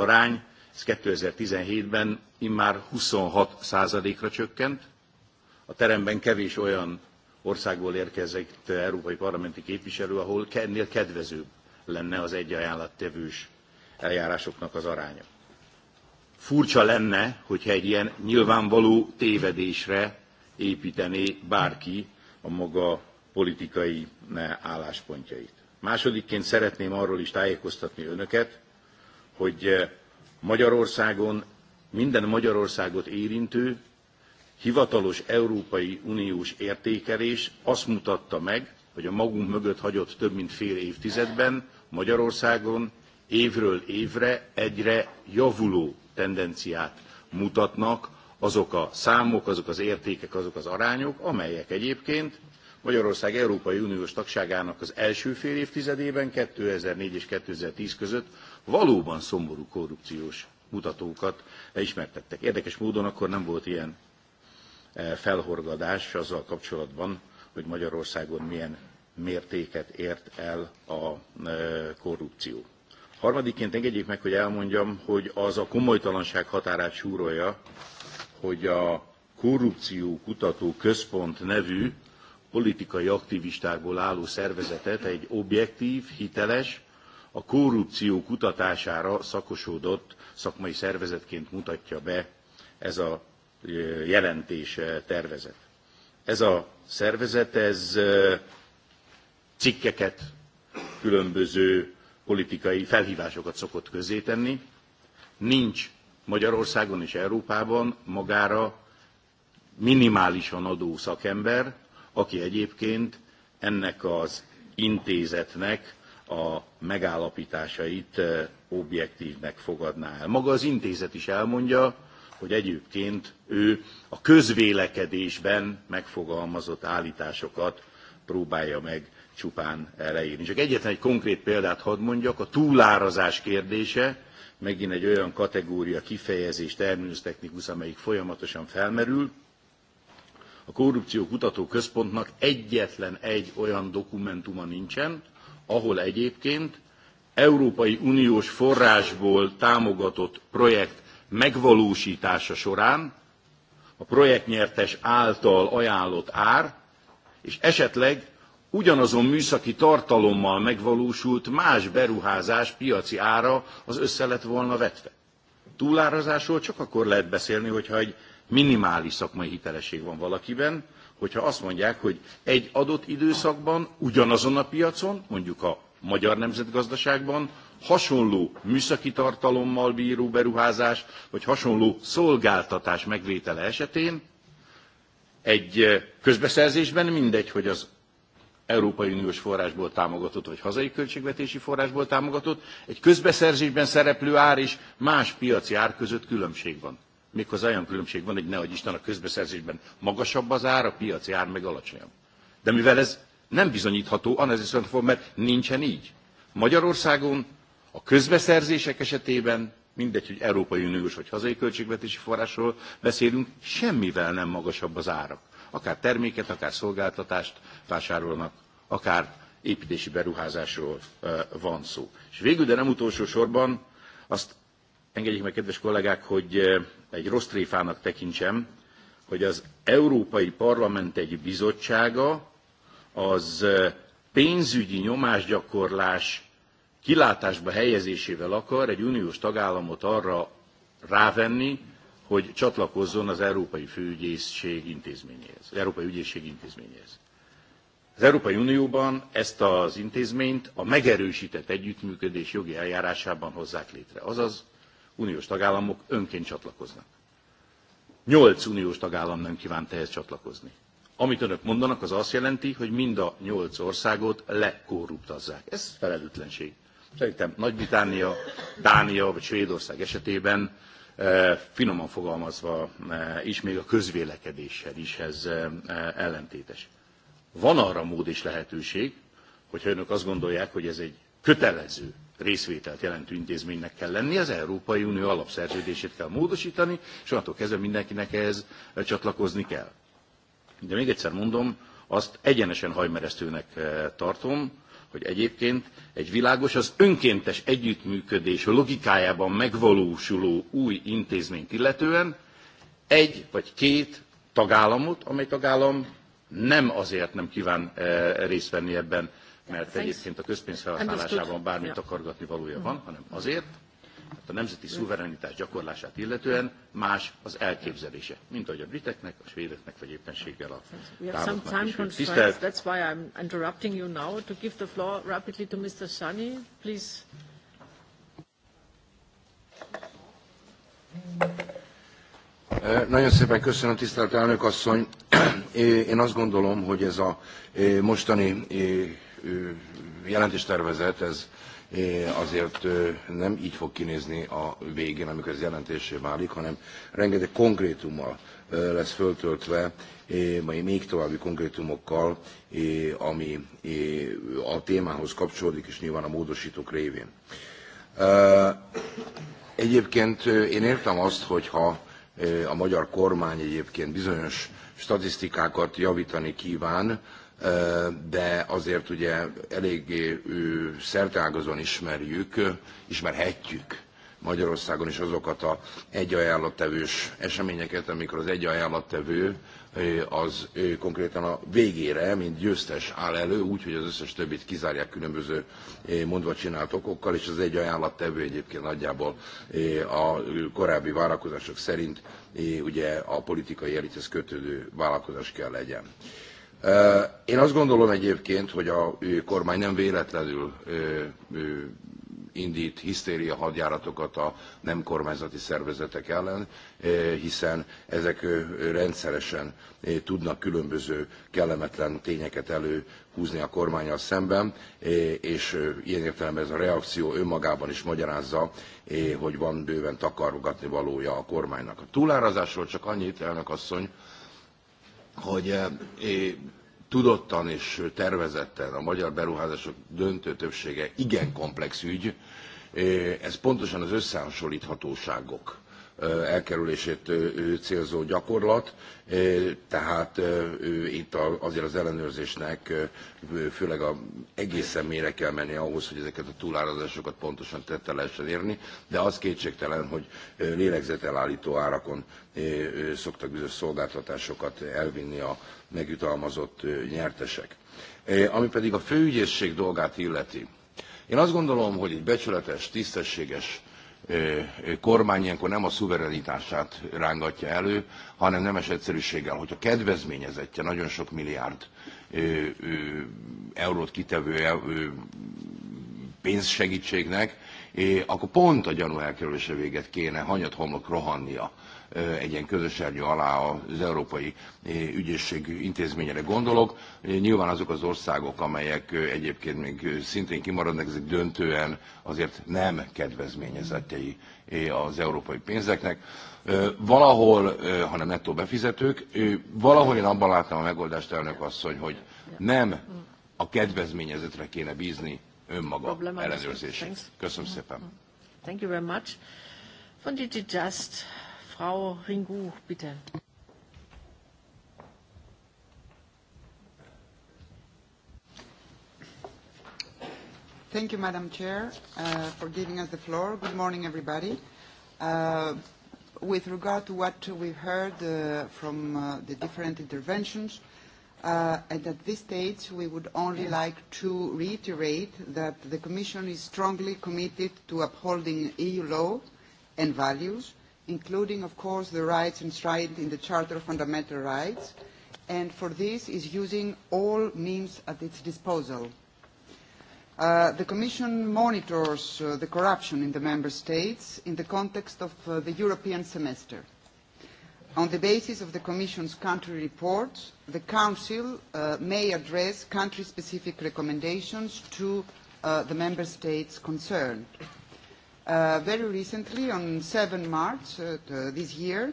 arány 2017-ben immár 26 százalékra csökkent. A teremben kevés olyan országból érkezett európai parlamenti képviselő, ahol ennél kedvezőbb lenne az egy ajánlattevős eljárásoknak az aránya. Furcsa lenne, hogyha egy ilyen nyilvánvaló tévedésre építené bárki a maga politikai álláspontjait. Másodikként szeretném arról is tájékoztatni önöket, hogy eh, Magyarországon minden Magyarországot érintő hivatalos Európai Uniós értékelés azt mutatta meg, hogy a magunk mögött hagyott több mint fél évtizedben Magyarországon évről évre egyre javuló tendenciát mutatnak azok a számok, azok az értékek, azok az arányok, amelyek egyébként Magyarország Európai Uniós tagságának az első fél évtizedében 2004 és 2010 között valóban szomorú korrupciós mutatókat ismertettek. Érdekes módon akkor nem volt ilyen e, felhorgadás azzal kapcsolatban, hogy Magyarországon milyen mértéket ért el a e, korrupció. Harmadiként engedjék meg, hogy elmondjam, hogy az a komolytalanság határát súrolja, hogy a korrupció kutató központ nevű politikai aktivistákból álló szervezetet egy objektív, hiteles, a korrupció kutatására szakosodott szakmai szervezetként mutatja be ez a jelentés tervezet. Ez a szervezet, ez cikkeket, különböző politikai felhívásokat szokott közzétenni. Nincs Magyarországon és Európában magára minimálisan adó szakember, aki egyébként ennek az intézetnek a megállapításait objektívnek fogadná el. Maga az intézet is elmondja, hogy egyébként ő a közvélekedésben megfogalmazott állításokat próbálja meg csupán leírni. Csak egyetlen egy konkrét példát hadd mondjak, a túlárazás kérdése, megint egy olyan kategória, kifejezés, terminus technikus, amelyik folyamatosan felmerül. A korrupció kutató központnak egyetlen egy olyan dokumentuma nincsen, ahol egyébként Európai Uniós forrásból támogatott projekt megvalósítása során a projektnyertes által ajánlott ár, és esetleg ugyanazon műszaki tartalommal megvalósult más beruházás piaci ára az össze lett volna vetve. Túlárazásról csak akkor lehet beszélni, hogyha egy minimális szakmai hitelesség van valakiben, hogyha azt mondják, hogy egy adott időszakban, ugyanazon a piacon, mondjuk a magyar nemzetgazdaságban, hasonló műszaki tartalommal bíró beruházás, vagy hasonló szolgáltatás megvétele esetén, egy eh, közbeszerzésben mindegy, hogy az Európai Uniós forrásból támogatott, vagy hazai költségvetési forrásból támogatott, egy közbeszerzésben szereplő ár és más piaci ár között különbség van méghozzá olyan különbség van, hogy nehogy Isten a közbeszerzésben magasabb az ár, a piaci ár meg alacsonyabb. De mivel ez nem bizonyítható, anez viszont fog, mert nincsen így. Magyarországon a közbeszerzések esetében, mindegy, hogy Európai Uniós vagy hazai költségvetési forrásról beszélünk, semmivel nem magasabb az árak. Akár terméket, akár szolgáltatást vásárolnak, akár építési beruházásról van szó. És végül, de nem utolsó sorban, azt engedjék meg, kedves kollégák, hogy egy rossz tréfának tekintsem, hogy az Európai Parlament egy bizottsága az pénzügyi nyomásgyakorlás kilátásba helyezésével akar egy uniós tagállamot arra rávenni, hogy csatlakozzon az Európai Főügyészség intézményéhez, az Európai Ügyészség intézményéhez. Az Európai Unióban ezt az intézményt a megerősített együttműködés jogi eljárásában hozzák létre. Azaz, uniós tagállamok önként csatlakoznak. Nyolc uniós tagállam nem kívánta ehhez csatlakozni. Amit önök mondanak, az azt jelenti, hogy mind a nyolc országot lekorruptazzák. Ez felelőtlenség. Szerintem Nagy-Britannia, Dánia vagy Svédország esetében eh, finoman fogalmazva eh, is még a közvélekedéssel is ez eh, ellentétes. Van arra mód és lehetőség, hogyha önök azt gondolják, hogy ez egy kötelező részvételt jelentő intézménynek kell lenni, az Európai Unió alapszerződését kell módosítani, és attól kezdve mindenkinek ehhez csatlakozni kell. De még egyszer mondom, azt egyenesen hajmeresztőnek eh, tartom, hogy egyébként egy világos, az önkéntes együttműködés logikájában megvalósuló új intézményt illetően egy vagy két tagállamot, amely tagállam nem azért nem kíván eh, részt venni ebben mert egyébként a közpénz felhasználásában bármit akargatni valója van, mm. hanem azért, mert a nemzeti szuverenitás gyakorlását illetően más az elképzelése, mint ahogy a briteknek, a svédeknek, vagy éppenséggel a támadnak is. Eh, nagyon szépen köszönöm, tisztelt elnök asszony. Én azt gondolom, hogy ez a eh, mostani eh, jelentéstervezet, ez azért nem így fog kinézni a végén, amikor ez jelentésé válik, hanem rengeteg konkrétummal lesz föltöltve, majd még további konkrétumokkal, ami a témához kapcsolódik, és nyilván a módosítók révén. Egyébként én értem azt, hogyha a magyar kormány egyébként bizonyos statisztikákat javítani kíván, de azért ugye eléggé szerteágazon ismerjük, ismerhetjük Magyarországon is azokat a egyajánlattevős eseményeket, amikor az egyajánlattevő az konkrétan a végére, mint győztes áll elő, úgyhogy az összes többit kizárják különböző mondva csinált okokkal, és az egyajánlattevő egyébként nagyjából a korábbi várakozások szerint ugye a politikai elithez kötődő vállalkozás kell legyen. Én azt gondolom egyébként, hogy a kormány nem véletlenül indít hisztéria hadjáratokat a nem kormányzati szervezetek ellen, hiszen ezek rendszeresen tudnak különböző kellemetlen tényeket előhúzni a kormányal szemben, és ilyen értelemben ez a reakció önmagában is magyarázza, hogy van bőven takargatni valója a kormánynak. A túlárazásról csak annyit, elnök asszony, hogy eh, tudottan és tervezetten a magyar beruházások döntő többsége igen komplex ügy ez pontosan az összehasonlthatóságok elkerülését célzó gyakorlat, tehát itt azért az ellenőrzésnek főleg a egészen mélyre kell menni ahhoz, hogy ezeket a túlárazásokat pontosan tette lehessen érni, de az kétségtelen, hogy lélegzetelállító árakon szoktak bizonyos szolgáltatásokat elvinni a megjutalmazott nyertesek. Ami pedig a főügyészség dolgát illeti, én azt gondolom, hogy egy becsületes, tisztességes kormányénk nem a szuverenitását rángatja elő, hanem nemes egyszerűséggel, hogyha kedvezményezettje nagyon sok milliárd eurót kitevő pénzsegítségnek, és akkor pont a gyanú elkerülése véget kéne hanyat homlok rohannia egy ilyen közösernyő alá az Európai Ügyészség intézményére gondolok. Nyilván azok az országok, amelyek egyébként még szintén kimaradnak, ezek döntően azért nem kedvezményezettei az európai pénzeknek. Valahol, hanem nettó befizetők, valahol én abban láttam a megoldást, elnök asszony, hogy nem a kedvezményezetre kéne bízni önmaga ellenőrzését. Köszönöm mm-hmm. szépen. Mm-hmm. Thank you very much. Von DG Just, Frau Ringu, bitte. Thank you, Madam Chair, uh, for giving us the floor. Good morning, everybody. Uh, with regard to what we heard uh, from uh, the different interventions, Uh, at this stage, we would only like to reiterate that the Commission is strongly committed to upholding EU law and values, including, of course, the rights enshrined in the Charter of Fundamental Rights, and for this is using all means at its disposal. Uh, the Commission monitors uh, the corruption in the member states in the context of the European semester. On the basis of the Commission's country report, the Council uh, may address country-specific recommendations to uh, the Member States concerned. Uh, very recently, on 7 March uh, this year,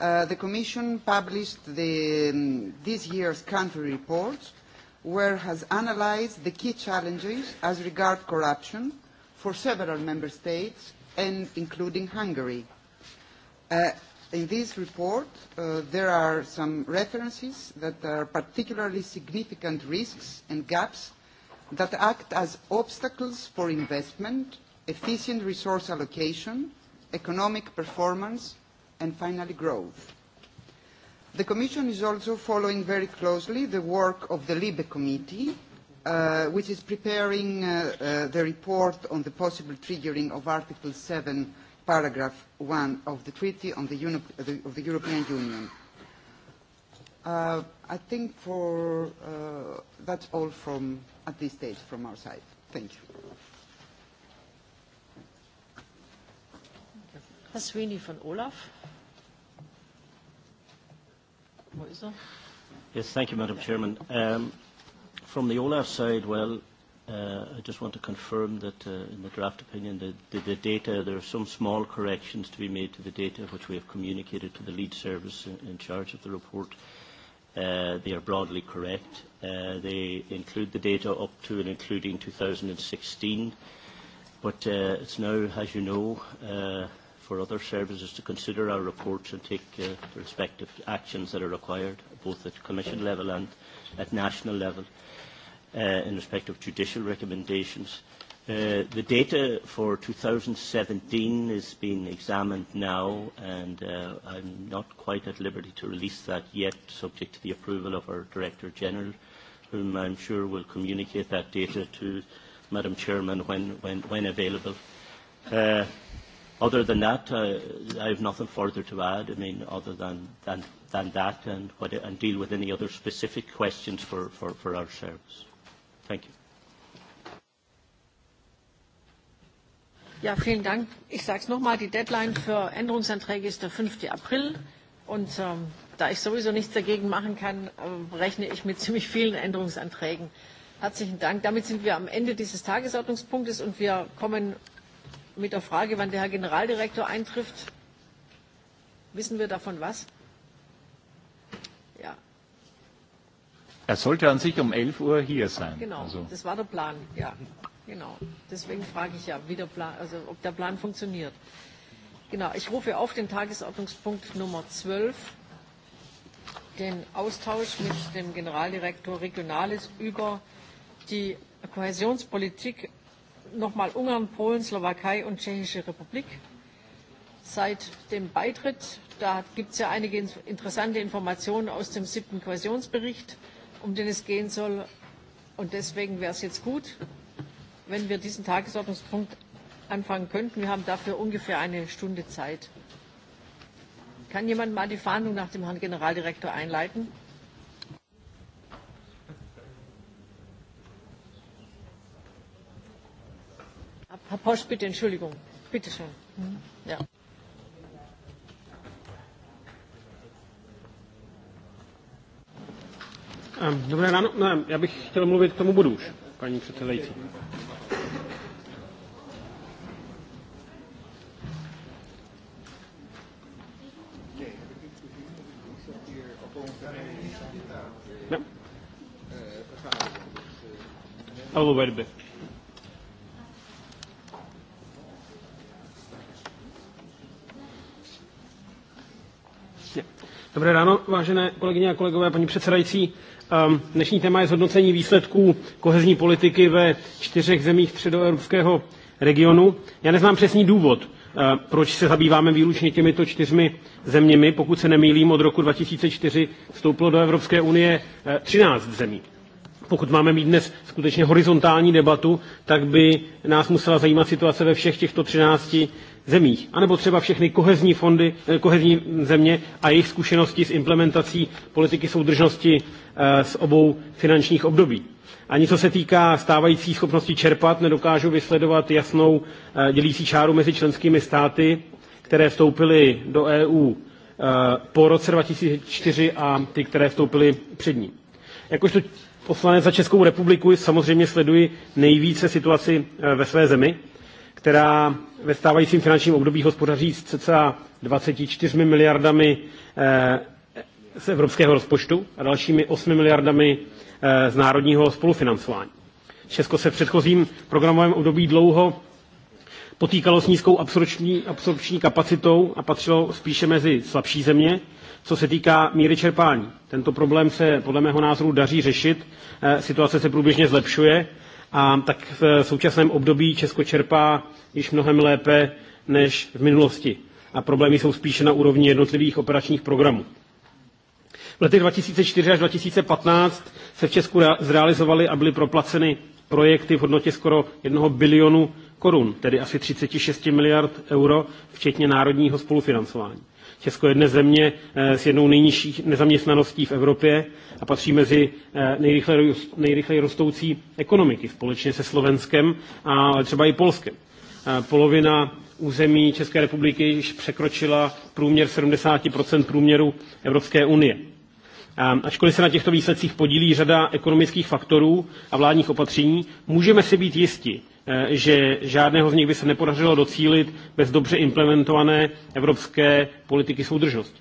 uh, the Commission published the, um, this year's country report where has analyzed the key challenges as regards corruption for several member states and including Hungary. Uh, In this report, uh, there are some references that are particularly significant risks and gaps that act as obstacles for investment, efficient resource allocation, economic performance, and finally growth. The Commission is also following very closely the work of the LIBE Committee, uh, which is preparing uh, uh, the report on the possible triggering of Article 7 paragraph 1 of the Treaty on the, Uni- of the, of the European Union. Uh, I think for, uh, that's all from, at this stage from our side. Thank you. Herr Sweeney von Olaf. Wo ist er? Yes, thank you, Madam Chairman. Um, from the Olaf side, well, uh, I just want to confirm that uh, in the draft opinion, the, the, the data, there are some small corrections to be made to the data which we have communicated to the lead service in, in charge of the report. Uh, they are broadly correct. Uh, they include the data up to and including 2016. But uh, it's now, as you know, uh, for other services to consider our reports and take uh, the respective actions that are required, both at Commission level and at national level uh, in respect of judicial recommendations. Uh, the data for 2017 is being examined now, and uh, I'm not quite at liberty to release that yet, subject to the approval of our Director General, whom I'm sure will communicate that data to Madam Chairman when, when, when available. Uh, other than that, uh, I have nothing further to add, I mean, other than, than, than that, and, what, and deal with any other specific questions for, for, for our service. Thank you. Ja, vielen Dank. Ich sage es nochmal, die Deadline für Änderungsanträge ist der 5. April. Und ähm, da ich sowieso nichts dagegen machen kann, äh, rechne ich mit ziemlich vielen Änderungsanträgen. Herzlichen Dank. Damit sind wir am Ende dieses Tagesordnungspunktes und wir kommen mit der Frage, wann der Herr Generaldirektor eintrifft. Wissen wir davon was? Er sollte an sich um 11 Uhr hier sein. Genau, also. das war der Plan, ja. Genau. Deswegen frage ich ja, wie der Plan, also ob der Plan funktioniert. Genau, ich rufe auf den Tagesordnungspunkt Nummer 12, den Austausch mit dem Generaldirektor Regionales über die Kohäsionspolitik, nochmal Ungarn, Polen, Slowakei und Tschechische Republik. Seit dem Beitritt, da gibt es ja einige interessante Informationen aus dem siebten Kohäsionsbericht, um den es gehen soll. Und deswegen wäre es jetzt gut, wenn wir diesen Tagesordnungspunkt anfangen könnten. Wir haben dafür ungefähr eine Stunde Zeit. Kann jemand mal die Fahndung nach dem Herrn Generaldirektor einleiten? Herr Posch, bitte, Entschuldigung. Bitte schön. Mhm. Ja. Ehm, dobré ráno. No, ehm, já bych chtěl mluvit k tomu bodu už, paní předsedající. No. Alebo verbe. Dobré ráno, vážené kolegyně a kolegové, paní předsedající. Ehm, dnešní téma je zhodnocení výsledků kohezní politiky ve čtyřech zemích středoevropského regionu. Já neznám přesný důvod, ehm, proč se zabýváme výlučně těmito čtyřmi zeměmi. Pokud se nemýlím, od roku 2004 vstoupilo do Evropské unie 13 ehm, zemí pokud máme mít dnes skutečně horizontální debatu, tak by nás musela zajímat situace ve všech těchto 13 zemích. A nebo třeba všechny kohezní, fondy, eh, kohezní země a jejich zkušenosti s implementací politiky soudržnosti eh, z obou finančních období. Ani co se týká stávající schopnosti čerpat, nedokážu vysledovat jasnou eh, dělící čáru mezi členskými státy, které vstoupily do EU po roce 2004 a ty, které vstoupily před ním. Jakožto poslanec za Českou republiku samozřejmě sleduji nejvíce situaci eh, ve své zemi, která ve stávajícím finančním období hospodaří s cca 24 miliardami eh, z evropského rozpočtu a dalšími 8 miliardami eh, z národního spolufinancování. Česko se v předchozím programovém období dlouho potýkalo s nízkou absorpční, absorpční kapacitou a patřilo spíše mezi slabší země co se týká míry čerpání. Tento problém se podle mého názoru daří řešit, eh, situace se průběžně zlepšuje a tak eh, v současném období Česko čerpá již mnohem lépe než v minulosti. A problémy jsou spíše na úrovni jednotlivých operačních programů. V letech 2004 až 2015 se v Česku zrealizovaly a byly proplaceny projekty v hodnotě skoro 1 bilionu korun, tedy asi 36 miliard euro, včetně národního spolufinancování. Česko je dnes země eh, s jednou nejnižší nezaměstnaností v Evropě a patří mezi eh, nejrychleji rostoucí ekonomiky společně se Slovenskem a třeba i Polskem. Eh, polovina území České republiky již překročila průměr 70% průměru Evropské unie. Ačkoliv se na těchto výsledcích podílí řada ekonomických faktorů a vládních opatření, můžeme si být jisti, E, že žádného z nich by se nepodařilo docílit bez dobře implementované evropské politiky soudržnosti.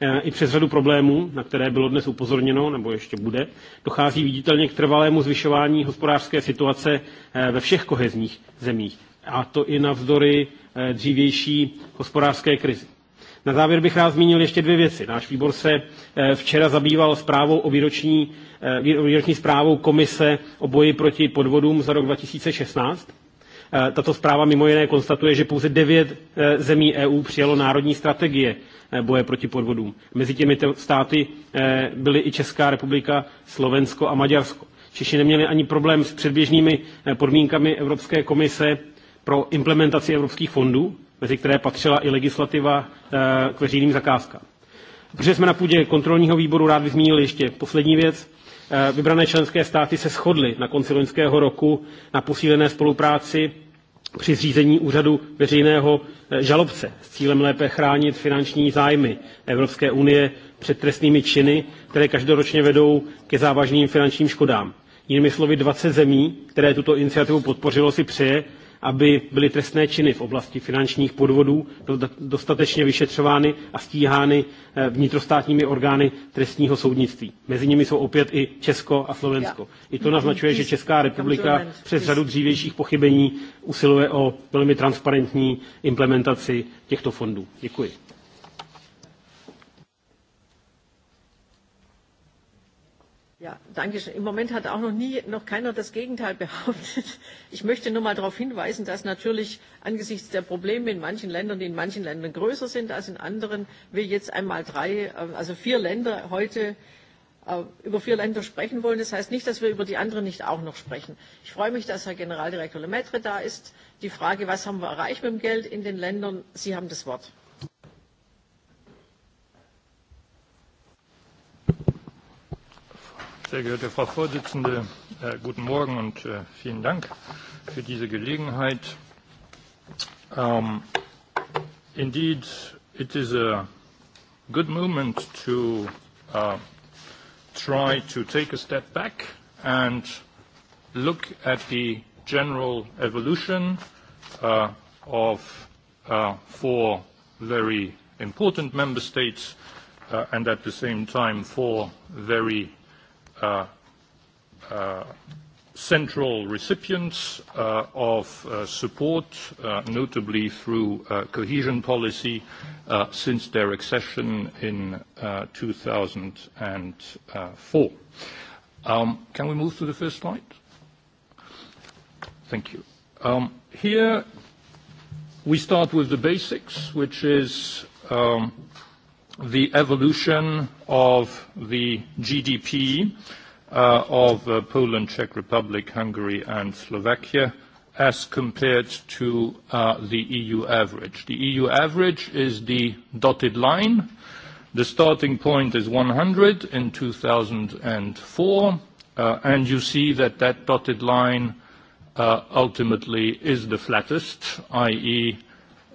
E, I přes řadu problémů, na které bylo dnes upozorněno, nebo ještě bude, dochází viditelně k trvalému zvyšování hospodářské situace e, ve všech kohezních zemích. A to i navzdory dřívější hospodářské krizi. Na závěr bych rád zmínil ještě dvě věci. Náš výbor se eh, včera zabýval zprávou o výroční, eh, výroční zprávou Komise o boji proti podvodům za rok 2016. Eh, tato zpráva mimo jiné konstatuje, že pouze devět zemí EU přijalo národní strategie boje proti podvodům. Mezi těmi státy byly i Česká republika, Slovensko a Maďarsko. Češi neměli ani problém s předběžnými podmínkami Evropské komise pro implementaci evropských fondů, mezi které patřila i legislativa eh, k veřejným zakázkám. Protože jsme na půdě kontrolního výboru rád zmínili ještě poslední věc. Eh, vybrané členské státy se shodly na konci loňského roku na posílené spolupráci při zřízení úřadu veřejného eh, žalobce s cílem lépe chránit finanční zájmy Evropské unie před trestnými činy, které každoročně vedou ke závažným finančním škodám. Jinými slovy, 20 zemí, které tuto iniciativu podpořilo, si přeje, aby byly trestné činy v oblasti finančních podvodů dostatečně vyšetřovány a stíhány eh, vnitrostátními orgány trestního soudnictví. Mezi nimi jsou opět i Česko a Slovensko. I to naznačuje, že Česká republika přes řadu dřívějších pochybení usiluje o velmi transparentní implementaci těchto fondů. Děkuji. Ja, danke schön. Im Moment hat auch noch nie noch keiner das Gegenteil behauptet. Ich möchte nur mal darauf hinweisen, dass natürlich angesichts der Probleme in manchen Ländern, die in manchen Ländern größer sind als in anderen, wir jetzt einmal drei, äh, also vier Länder heute äh, über vier Länder sprechen wollen. Das heißt nicht, dass wir über die anderen nicht auch noch sprechen. Ich freue mich, dass Herr Generaldirektor Lemaitre da ist. Die Frage, was haben wir erreicht mit dem Geld in den Ländern, Sie haben das Wort. Sehr geehrte Frau Vorsitzende, äh, guten Morgen und äh, vielen Dank für diese Gelegenheit. Um, indeed, it is a good moment to uh, try to take a step back and look at the general evolution uh, of uh, four very important member states uh, and at the same time four very Uh, uh, central recipients uh, of uh, support, uh, notably through uh, cohesion policy, uh, since their accession in uh, 2004. Um, can we move to the first slide? Thank you. Um, here we start with the basics, which is um, the evolution of the GDP uh, of uh, Poland, Czech Republic, Hungary, and Slovakia as compared to uh, the EU average. The EU average is the dotted line. The starting point is 100 in 2004, and you see that that dotted line ultimately is the flattest, i.e.,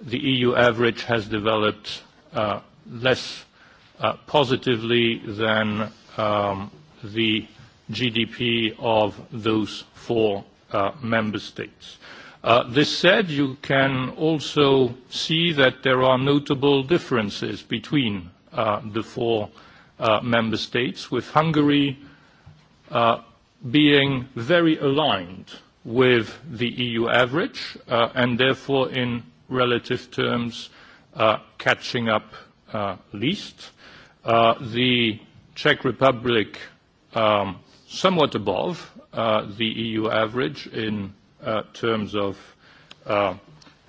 the EU average has developed less uh, positively than um, the GDP of those four uh, member states. Uh, this said, you can also see that there are notable differences between uh, the four uh, member states, with Hungary uh, being very aligned with the EU average uh, and therefore in relative terms uh, catching up Uh, least. Uh, the Czech Republic um, somewhat above uh, the EU average in terms of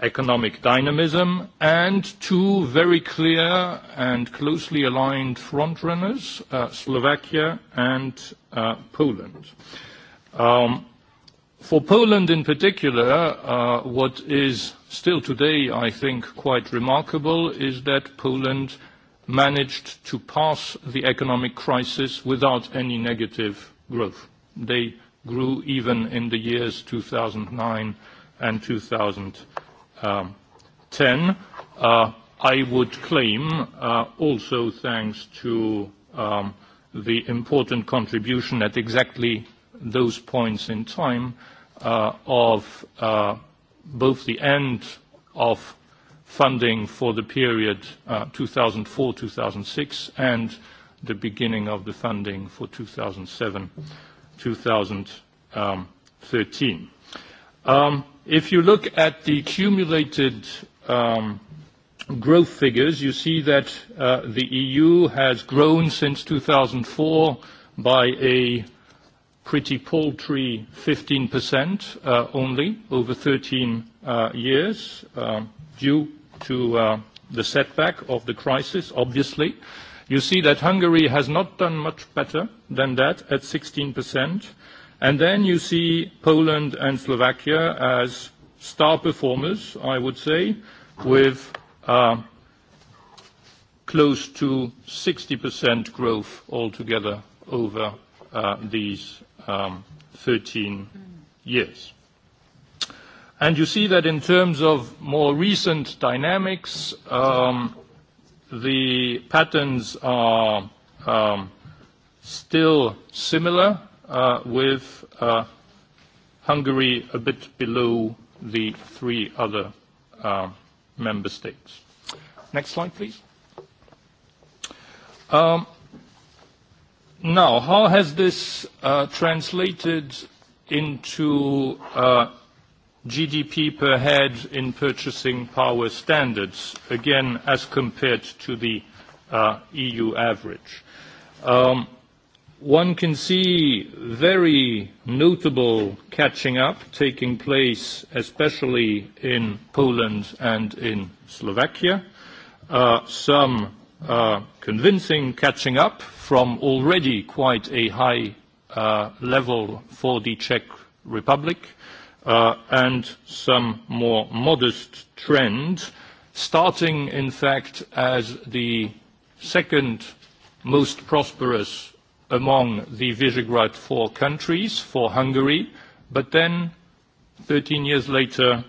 economic dynamism, and two very clear and closely aligned frontrunners, Slovakia and Poland. Um, For Poland in particular, uh, what is still today, I think, quite remarkable is that Poland managed to pass the economic crisis without any negative growth. They grew even in the years 2009 and 2010. Uh, I would claim, uh, also thanks to um, the important contribution at exactly those points in time uh, of uh, both the end of funding for the period 2004-2006 uh, and the beginning of the funding for 2007-2013. Um, if you look at the accumulated um, growth figures, you see that uh, the EU has grown since 2004 by a pretty paltry 15% uh, only over 13 uh, years um, due to uh, the setback of the crisis, obviously. You see that Hungary has not done much better than that at 16%. Then you see Poland and Slovakia as star performers, I would say, with close to 60% growth altogether over these 13 um, years. You see that in terms of more recent dynamics, um, the patterns are um, still similar, uh, with uh, Hungary a bit below the three other member states. Next slide, please. Now, how has this uh, translated into uh, GDP per head in purchasing power standards, again, as compared to the uh, EU average? Um, one can see very notable catching up taking place, especially in Poland and in Slovakia. Uh, some Uh, convincing catching up from already quite a high uh, level for the Czech Republic, uh, and some more modest trend, starting, in fact, as the second most prosperous among the Visegrad 4 countries for Hungary, but then 13 years later,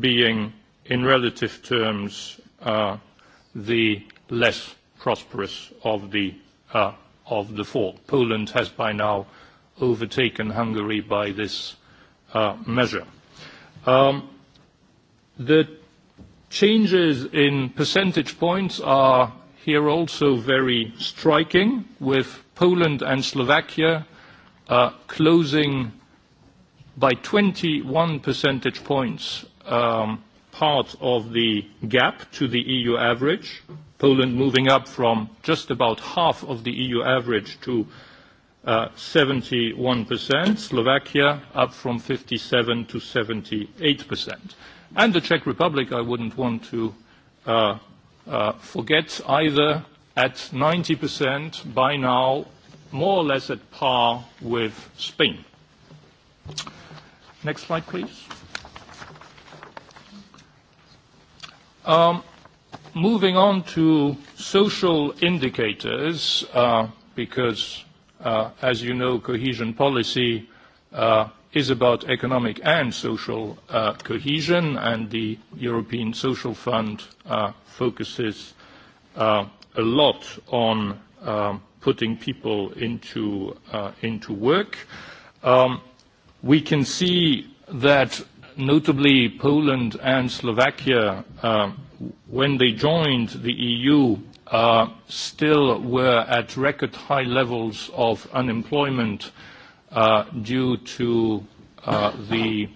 being, in relative terms, the less prosperous of the uh, of the four. Poland has by now overtaken Hungary by this uh, measure. Um, the changes in percentage points are here also very striking, with Poland and Slovakia uh, closing by 21 percentage points. Um, part of the gap to the EU average. Poland moving up from just about half of the EU average to 71%, uh, Slovakia up from 57%-78%. The Czech Republic, I wouldn't want to uh, uh, forget either, at 90% by now, more or less at par with Spain. Next slide, please. Um, moving on to social indicators, uh, because, uh, as you know, cohesion policy uh, is about economic and social cohesion, and the European Social Fund focuses a lot on um, putting people into work. Um, we can see that notably Poland and Slovakia, uh, when they joined the EU, uh, still were at record high levels of unemployment uh, due to uh, the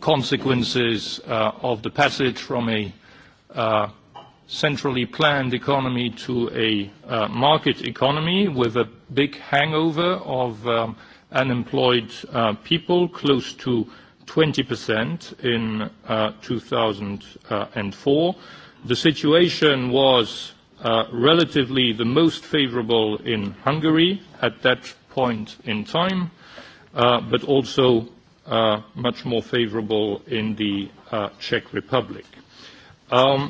consequences uh, of the passage from a uh, centrally planned economy to a uh, market economy with a big hangover of um, unemployed uh, people close to 20% in 2004. Uh, uh, the situation was uh, relatively the most favorable in Hungary at that point in time, but also much more favorable in the Czech Republic. 13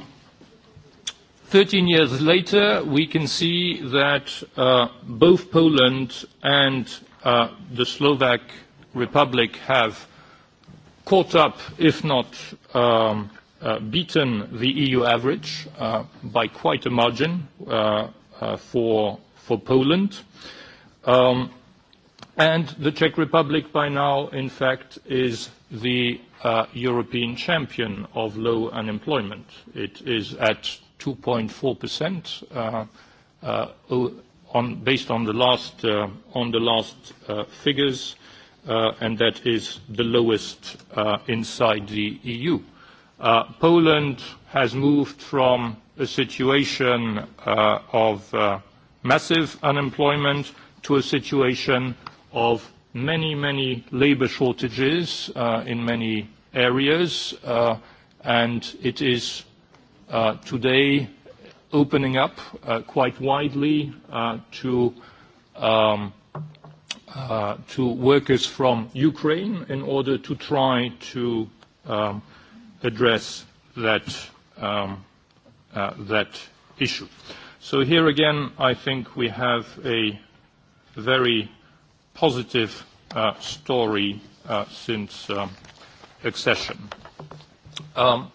um, years later, we can see that both Poland and the Slovak Republic have caught up, if not um, uh, beaten, the EU average uh, by quite a margin uh, for Poland. Um, and the Czech Republic by now, in fact, is the European champion of low unemployment. It is at 2.4%, based on the last figures, Uh, and that is the lowest uh, inside the EU. Uh, Poland has moved from a situation of massive unemployment to a situation of many, many labor shortages in many areas, and it is today opening up quite widely to um, Uh, to workers from Ukraine in order to try to um, address that, um, uh, that issue. So here again, I think we have a very positive uh, story uh, since um, accession. Um,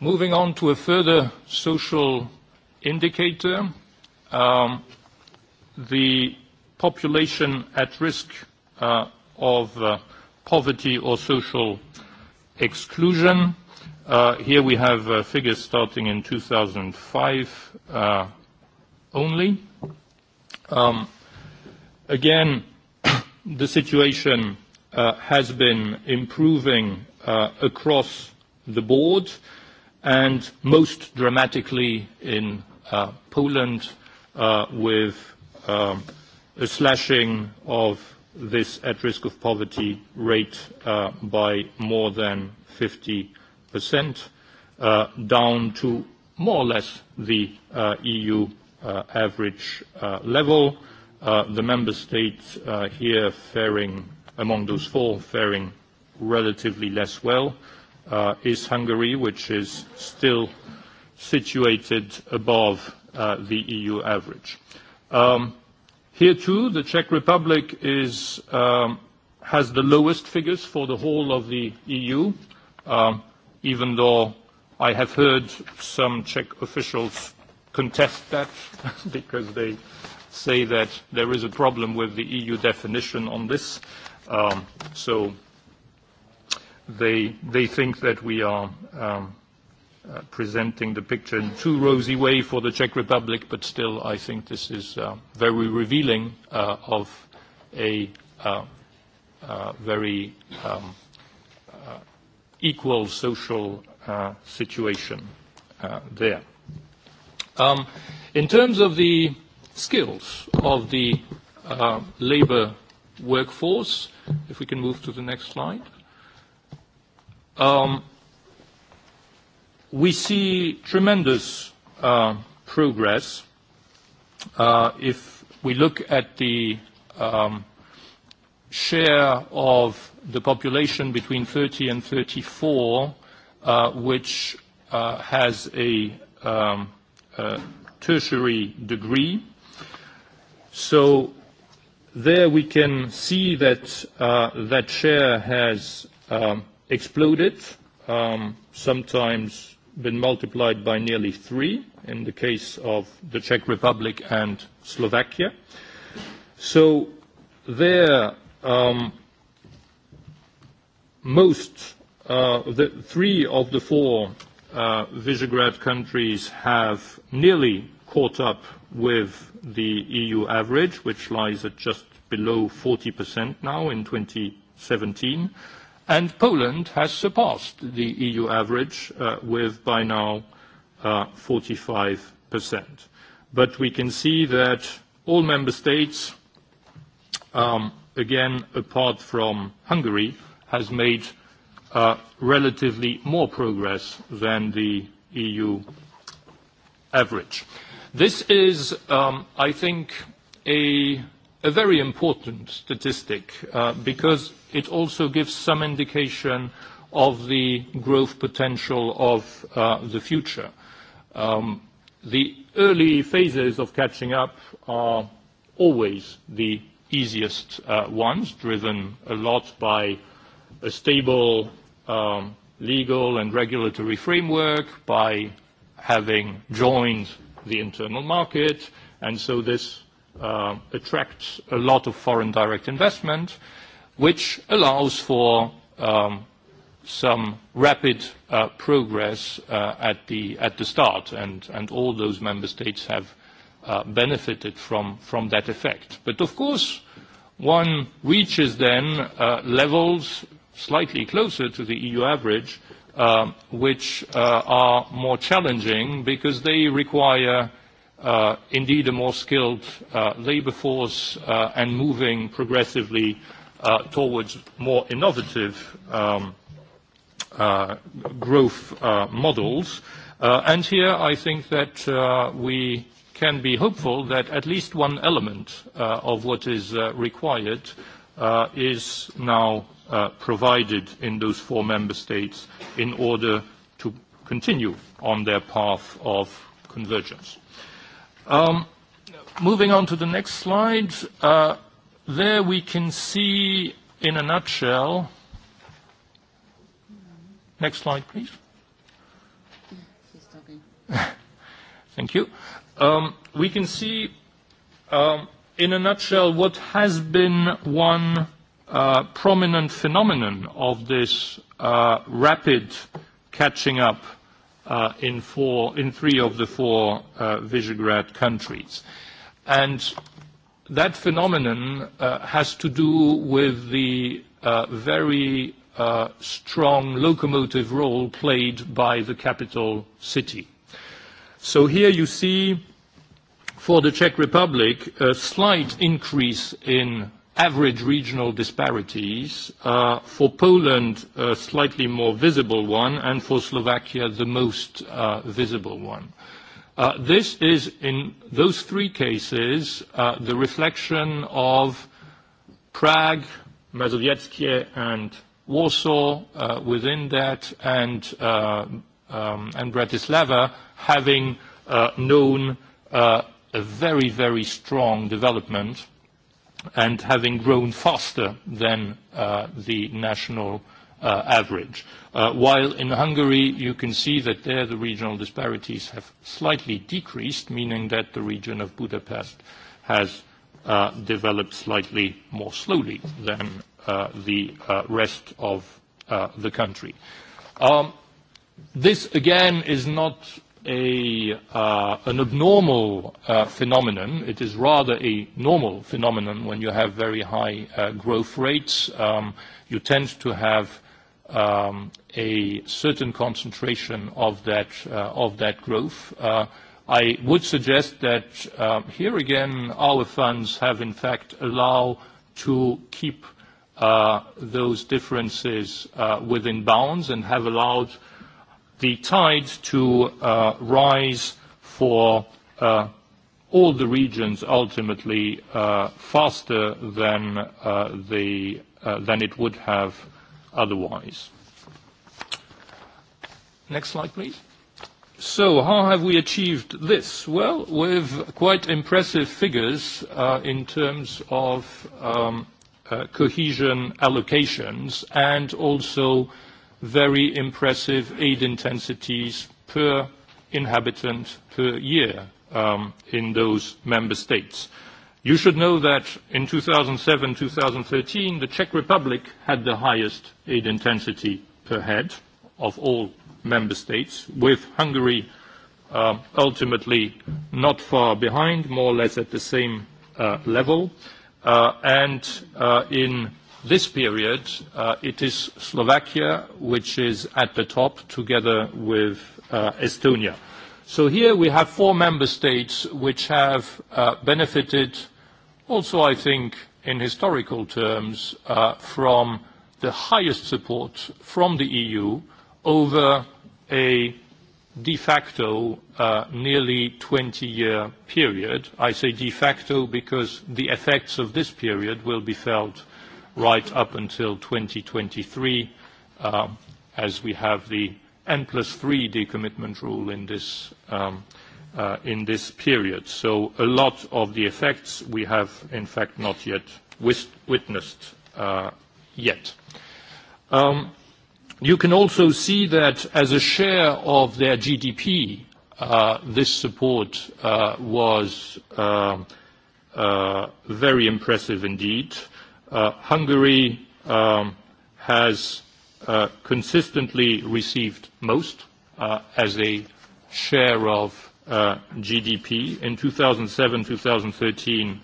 moving on to a further social indicator, um, the population at risk uh, of uh, poverty or social exclusion. Uh, here we have uh, figures starting in 2005 uh, only. Um, again, the situation uh, has been improving uh, across the board and most dramatically in uh, Poland uh, with uh, a slashing of this at risk of poverty rate uh, by more than 50%, uh, down to more or less the uh, EU uh, average uh, level. Uh, the member states uh, here faring, among those four, faring relatively less well, uh, is Hungary, which is still situated above uh, the EU average. Um, Here, too, the Czech Republic is, um, has the lowest figures for the whole of the EU, um, even though I have heard some Czech officials contest that because they say that there is a problem with the EU definition on this. Um, so they, they think that we are um, – Uh, presenting the picture in too rosy way for the Czech Republic, but still I think this is uh, very revealing uh, of a uh, uh, very um, uh, equal social uh, situation uh, there. Um, in terms of the skills of the uh, labor workforce, if we can move to the next slide. Um, We see tremendous uh, progress uh, if we look at the um, share of the population between 30 and 34, uh, which uh, has a, um, a tertiary degree. So there we can see that uh, that share has um, exploded, um, sometimes been multiplied by nearly three in the case of the Czech Republic and Slovakia. So there, um, most, uh, the three of the four uh, Visegrád countries have nearly caught up with the EU average, which lies at just below 40% now in 2017 and Poland has surpassed the EU average uh, with by now 45%. Uh, But we can see that all member states, um, again, apart from Hungary, has made uh, relatively more progress than the EU average. This is, um, I think, a a very important statistic uh, because it also gives some indication of the growth potential of uh, the future. Um, the early phases of catching up are always the easiest uh, ones, driven a lot by a stable um, legal and regulatory framework, by having joined the internal market, and so this Uh, attracts a lot of foreign direct investment, which allows for um, some rapid uh, progress uh, at the start, and all those member states have benefited from that effect. But of course, one reaches then levels slightly closer to the EU average, which are more challenging because they require Uh, indeed a more skilled uh, labour force uh, and moving progressively uh, towards more innovative um, uh, growth uh, models. Uh, and here I think that uh, we can be hopeful that at least one element uh, of what is uh, required uh, is now uh, provided in those four member states in order to continue on their path of convergence. Um, moving on to the next slide. Uh, there we can see in a nutshell. Next slide, please. He's talking. Thank you. Um, we can see, um, in a nutshell, what has been one uh, prominent phenomenon of this uh, rapid catching up Uh, in, four, in three of the four uh, Visegrad countries. And that phenomenon uh, has to do with the uh, very uh, strong locomotive role played by the capital city. So here you see for the Czech Republic a slight increase in average regional disparities. Uh, for Poland, a slightly more visible one, and for Slovakia, the most uh, visible one. Uh, this is, in those three cases, the reflection of Prague, Mazowieckie, and Warsaw, within that, and um, Bratislava having known a very, very strong development and having grown faster than uh, the national uh, average. Uh, while in Hungary, you can see that there, the regional disparities have slightly decreased, meaning that the region of Budapest has developed slightly more slowly than the rest of the country. Um, this, again, is not a, uh, an abnormal uh, phenomenon. It is rather a normal phenomenon when you have very high uh, growth rates. Um, you tend to have um, a certain concentration of that, uh, of that growth. Uh, I would suggest that uh, here again, our funds have in fact allowed to keep uh, those differences uh, within bounds and have allowed uh, the tide to uh, rise for uh, all the regions ultimately uh, faster than, uh, the, uh, than it would have otherwise. Next slide, please. So how have we achieved this? Well, with quite impressive figures uh, in terms of um, uh, cohesion allocations and also uh, very impressive aid intensities per inhabitant per year um, in those member states. You should know that in 2007, 2013, the Czech Republic had the highest aid intensity per head of all member states, with Hungary um, ultimately not far behind, more or less at the same uh, level. Uh, uh, in this period, uh, it is Slovakia which is at the top together with uh, Estonia. So here we have four member states which have uh, benefited also, I think, in historical terms, uh, from the highest support from the EU over a de facto uh, nearly 20-year period. I say de facto because the effects of this period will be felt uh, right up until 2023, uh, as we have the N+3 decommitment rule in this um, uh, period. A lot of the effects we have, in fact, not yet witnessed. Uh, um, you can also see that as a share of their GDP, this support was um, very impressive indeed. Uh, Hungary um, has uh, consistently received most uh, as a share of uh, GDP. In 2007-2013,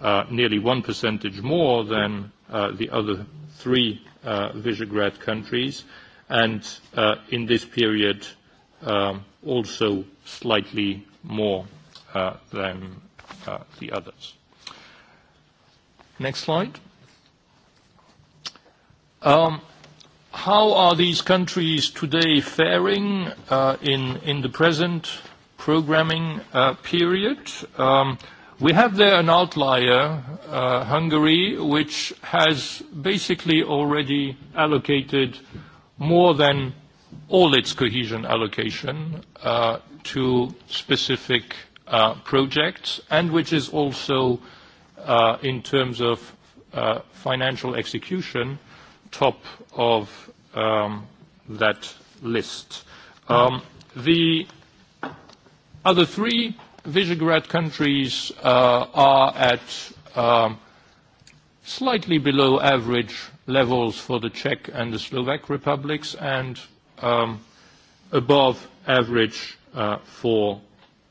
uh, nearly one percentage more than uh, the other three uh, Visegrad countries, and uh, in this period um, also slightly more uh, than uh, the others. Next slide. Um, how are these countries today faring uh, in the present programming uh, period? Um, we have there an outlier, uh, Hungary, which has basically already allocated more than all its cohesion allocation to specific projects, and which is also, in terms of financial execution, top of um, that list. Um, the other three Visegrad countries uh, are at um, slightly below average levels for the Czech and the Slovak republics and um, above average uh, for,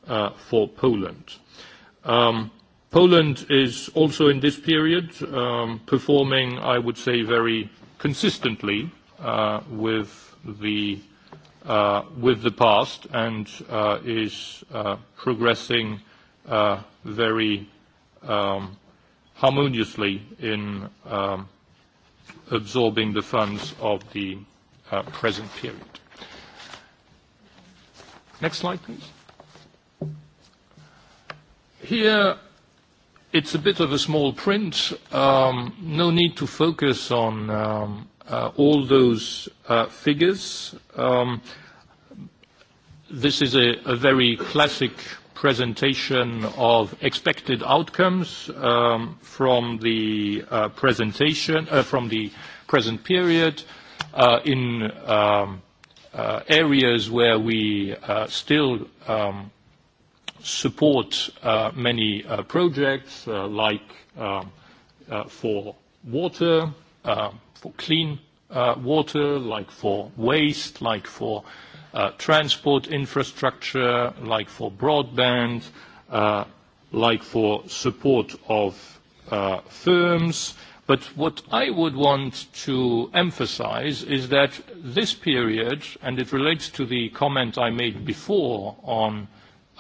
uh, for Poland. Um, Poland is also in this period um, performing, I would say, very, consistently uh, with the uh, with the past and uh, is uh, progressing uh, very um, harmoniously in um, absorbing the funds of the uh, present period. Next slide, please. Here it's a bit of a small print. Um, no need to focus on um, uh, all those uh, figures. Um, this is a, a very classic presentation of expected outcomes um, from the uh, presentation uh, from the present period uh, in um, uh, areas where we uh, still um, support uh, many uh, projects uh, like um, for water, for clean water, like for waste, like for transport infrastructure, like for broadband, like for support of firms. But what I would want to emphasize is that this period, and it relates to the comment I made before on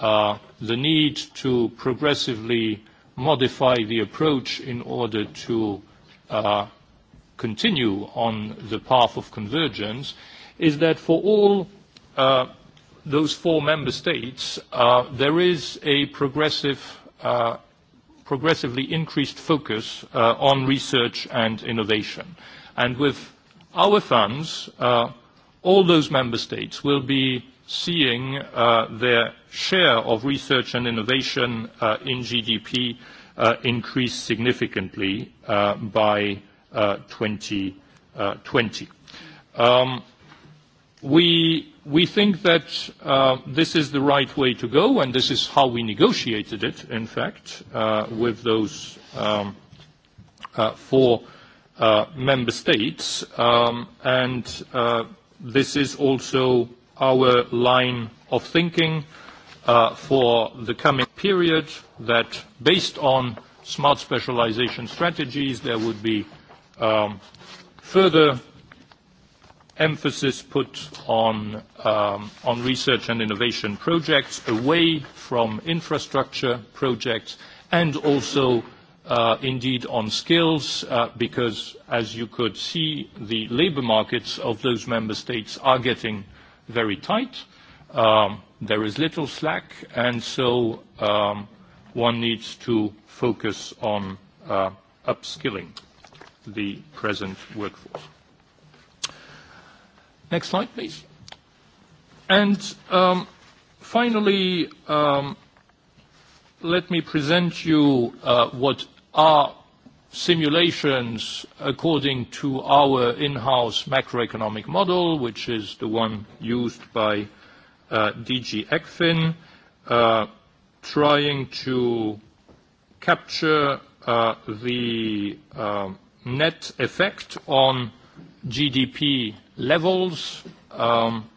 Uh, the need to progressively modify the approach in order to uh, continue on the path of convergence is that for all uh, those four member states, uh, there is a progressive, uh, progressively increased focus uh, on research and innovation. And with our funds, uh, all those member states will be seeing uh, their share of research and innovation uh, in GDP uh, increase significantly uh, by uh, 2020. Uh, um, we, we think that uh, this is the right way to go, and this is how we negotiated it, in fact, uh, with those um, uh, four uh, member states. Um, and uh, this is also our line of thinking uh, for the coming period that based on smart specialization strategies, there would be um, further emphasis put on, um, on research and innovation projects away from infrastructure projects and also uh, indeed on skills uh, because as you could see, the labor markets of those member states are getting very tight. Um, there is little slack, and so um, one needs to focus on uh, upskilling the present workforce. Next slide, please. And um, finally, um, let me present you uh, what are simulations according to our in-house macroeconomic model, which is the one used by uh, DG ECFIN, uh, trying to capture uh, the net effect on GDP levels um,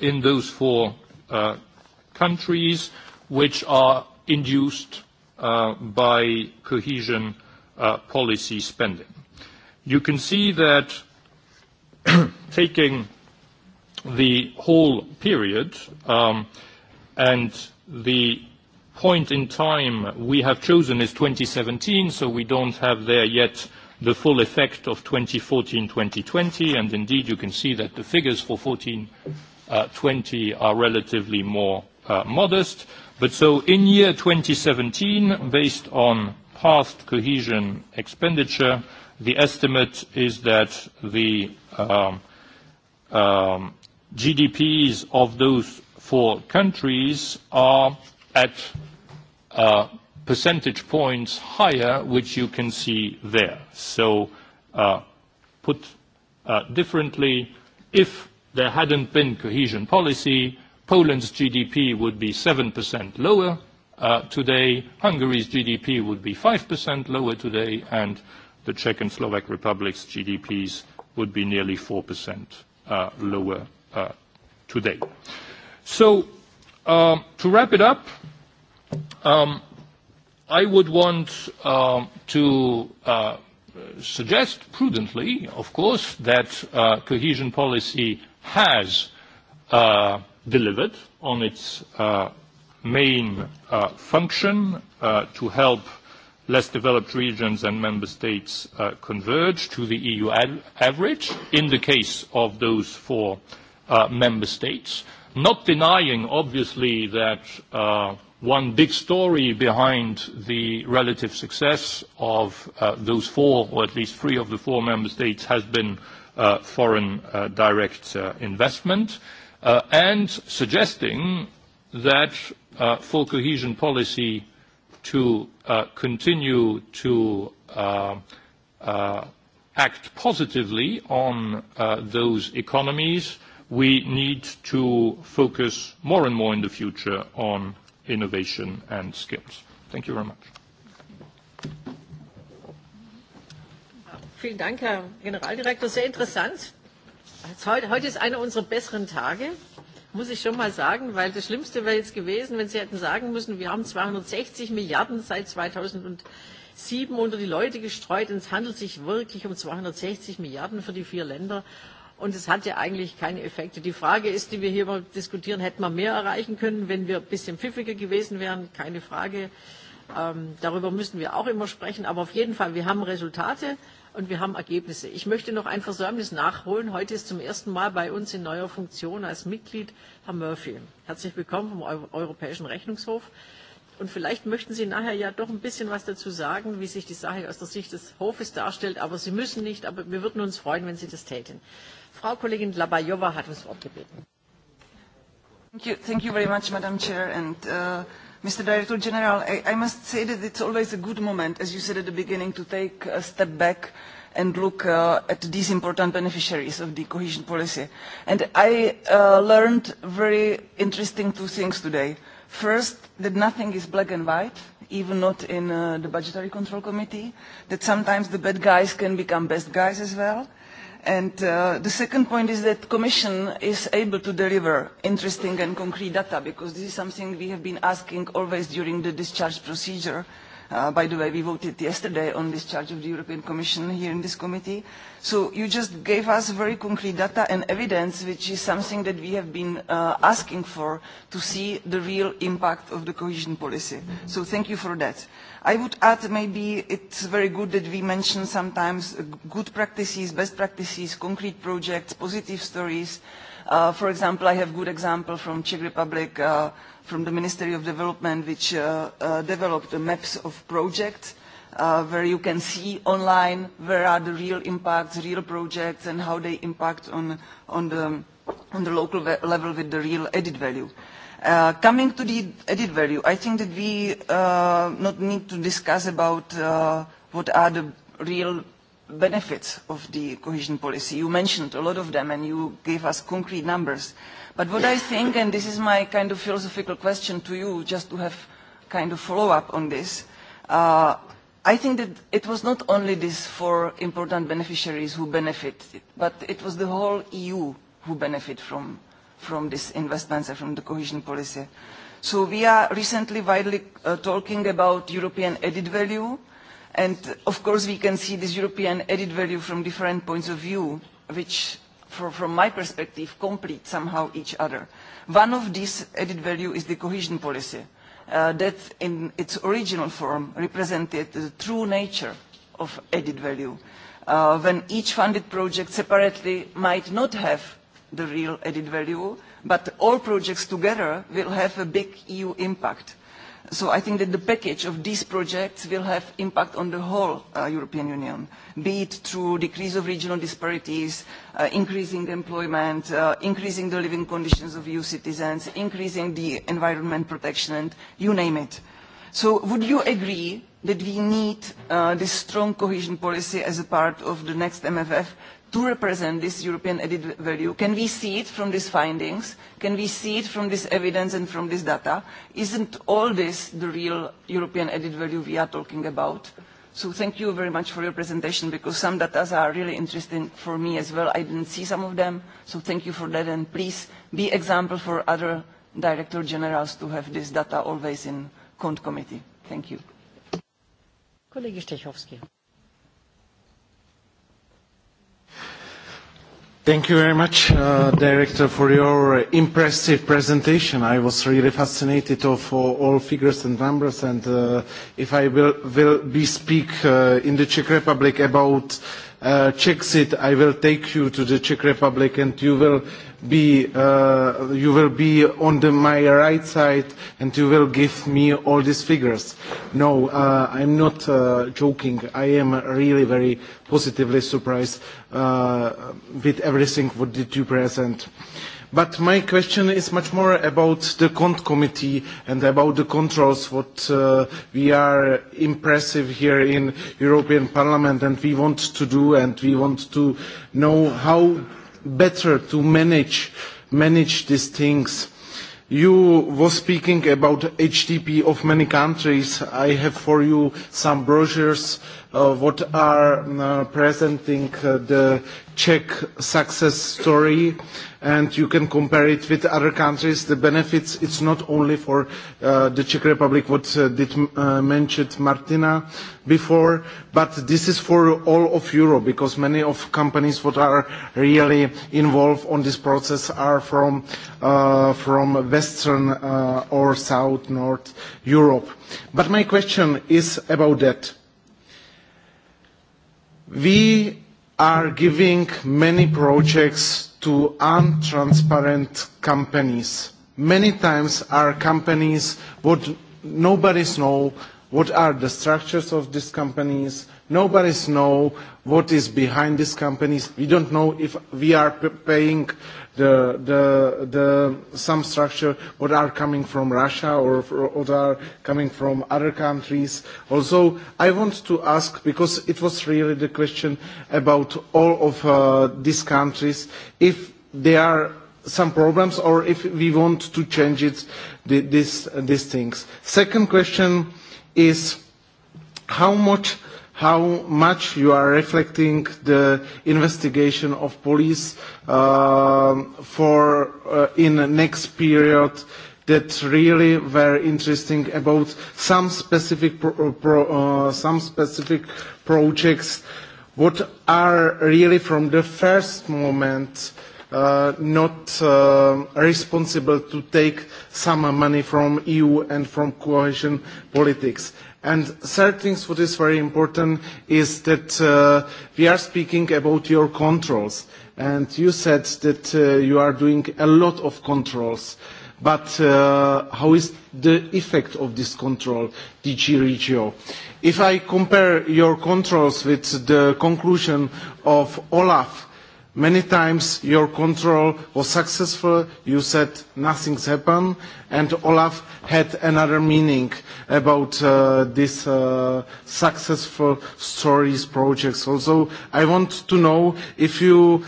in those four countries, which are induced by cohesion Uh, policy spending. You can see that taking the whole period um, and the point in time we have chosen is 2017, so we don't have there yet the full effect of 2014-2020, and indeed you can see that the figures for 1420 uh, are relatively more uh, modest. But so in year 2017, based on past cohesion expenditure, the estimate is that the um, um, GDPs of those four countries are at uh, percentage points higher, which you can see there. So, uh, put uh, differently, if there hadn't been cohesion policy, Poland's GDP would be 7% lower, Uh, today, Hungary's GDP would be 5% lower today, and the Czech and Slovak Republic's GDPs would be nearly 4% uh, lower uh, today. Um, to wrap it up, um, I would want um, to suggest prudently, of course, that cohesion policy has delivered on its main uh, function uh, to help less developed regions and member states uh, converge to the EU average in the case of those four member states. Not denying, obviously, that one big story behind the relative success of those four, or at least three of the four member states, has been foreign direct investment. Suggesting that uh, full cohesion policy to uh, continue to uh, uh, act positively on uh, those economies, we need to focus more and more in the future on innovation and skills. Thank you very much. Vielen Dank, Herr Generaldirektor. Sehr interessant. Heute ist einer unserer besseren Tage muss ich schon mal sagen, weil das Schlimmste wäre jetzt gewesen, wenn Sie hätten sagen müssen, wir haben 260 Milliarden seit 2007 unter die Leute gestreut und es handelt sich wirklich um 260 Milliarden für die vier Länder und es hat ja eigentlich keine Effekte. Die Frage ist, die wir hier mal diskutieren, hätten wir mehr erreichen können, wenn wir ein bisschen pfiffiger gewesen wären, keine Frage. Ähm, darüber müssen wir auch immer sprechen, aber auf jeden Fall, wir haben Resultate und wir haben Ergebnisse. Ich möchte noch ein Versäumnis nachholen. Heute ist zum ersten Mal bei uns in neuer Funktion als Mitglied Herr Murphy. Herzlich willkommen vom Europäischen Rechnungshof. Und vielleicht möchten Sie nachher ja doch ein bisschen was dazu sagen, wie sich die Sache aus der Sicht des Hofes darstellt. Aber Sie müssen nicht, aber wir würden uns freuen, wenn Sie das täten. Frau Kollegin Labajova hat uns das Wort gebeten. Thank you, thank you very much, Madam Chair. And, uh Mr. Director General, I, I must say that it's always a good moment, as you said at the beginning, to take a step back and look uh, at these important beneficiaries of the cohesion policy. And I uh, learned very interesting two things today. First, that nothing is black and white, even not in uh, the Budgetary Control Committee, that sometimes the bad guys can become best guys as well. And uh, the second point is that Commission is able to deliver interesting and concrete data because this is something we have been asking always during the discharge procedure. Uh, by the way, we voted yesterday on discharge of the European Commission here in this committee. So you just gave us very concrete data and evidence, which is something that we have been uh, asking for to see the real impact of the cohesion policy. Mm -hmm. So thank you for that. I would add maybe it's very good that we mention sometimes uh, good practices, best practices, concrete projects, positive stories. Uh, for example, I have good example from Czech Republic, uh, from the Ministry of Development, which uh, uh, developed the maps of projects uh, where you can see online where are the real impacts, real projects, and how they impact on, on, the, on the local level with the real added value. Uh, Uh, coming to the added value, I think that we uh, not need to discuss about uh, what are the real benefits of the cohesion policy. You mentioned a lot of them, and you gave us concrete numbers. But what I think, and this is my kind of philosophical question to you, just to have kind of follow-up on this, I think that it was not only this for important beneficiaries who benefited, but it was the whole EU who benefit from from these investments and from the cohesion policy. So we are recently widely uh, talking about European added value, and of course we can see this European added value from different points of view, which for, from my perspective complete somehow each other. One of these added value is the cohesion policy. Uh, that in its original form represented the true nature of added value. Uh, when each funded project separately might not have the real added value, but all projects together will have a big EU impact. I think that the package of these projects will have impact on the whole uh, European Union, be it through decrease of regional disparities, uh, increasing employment, uh, increasing the living conditions of EU citizens, increasing the environment protection, you name it. Would you agree that we need this strong cohesion policy as a part of the next MFF to represent this European added value? Can we see it from these findings? Can we see it from this evidence and from this data? Isn't all this the real European added value we are talking about? So thank you very much for your presentation because some data are really interesting for me as well. I didn't see some of them. So thank you for that. And please be example for other director generals to have this data always in CONT committee. Thank you. Kollege Stechowski. Thank you very much, uh, Director, for your uh, impressive presentation. I was really fascinated of uh, all figures and numbers, and uh, if I will, will be speak uh, in the Czech Republic about uh, uh, Czechsit, I will take you to the Czech Republic and you will be, uh, you will be on the, my right side and you will give me all these figures. No, uh, I'm not uh, joking. I am really very positively surprised uh, with everything what did you present. Uh, But my question is much more about the cont committee and about the controls. What uh, we are impressive here in European Parliament, and we want to do, and we want to know how better to manage manage these things. You were speaking about HDP of many countries. I have for you some brochures uh, what are uh, presenting uh, the Czech success story and you can compare it with other countries. The benefits, it's not only for uh, the Czech Republic, what uh, did uh, mentioned Martina before, but this is for all of Europe because many of companies what are really involved on this process are from, uh, from Western uh, or South, North Europe. But my question is about that. We are giving many projects to untransparent companies. Many times are companies what nobody's know what are the structures of these companies, nobody's know what is behind these companies. We don't know if we are paying the the the some structure what are coming from Russia or what are coming from other countries. Also, I want to ask because it was really the question about all of uh, these countries if there are some problems or if we want to change it, the, this, uh, these things. Second question is how much how much you are reflecting the investigation of police uh, for uh, in the next period that really were interesting about some specific pro uh, pro uh, some specific projects what are really from the first moment uh, not uh, responsible to take some money from EU and from cohesion politics And third things what is very important is that uh, we are speaking about your controls. And you said that uh, you are doing a lot of controls. But uh, how is the effect of this control, DG Regio? If I compare your controls with the conclusion of Olaf, Many times your control was successful, you said nothing's happened, and Olaf had another meaning about uh, these uh, successful stories, projects. Also, I want to know if, you,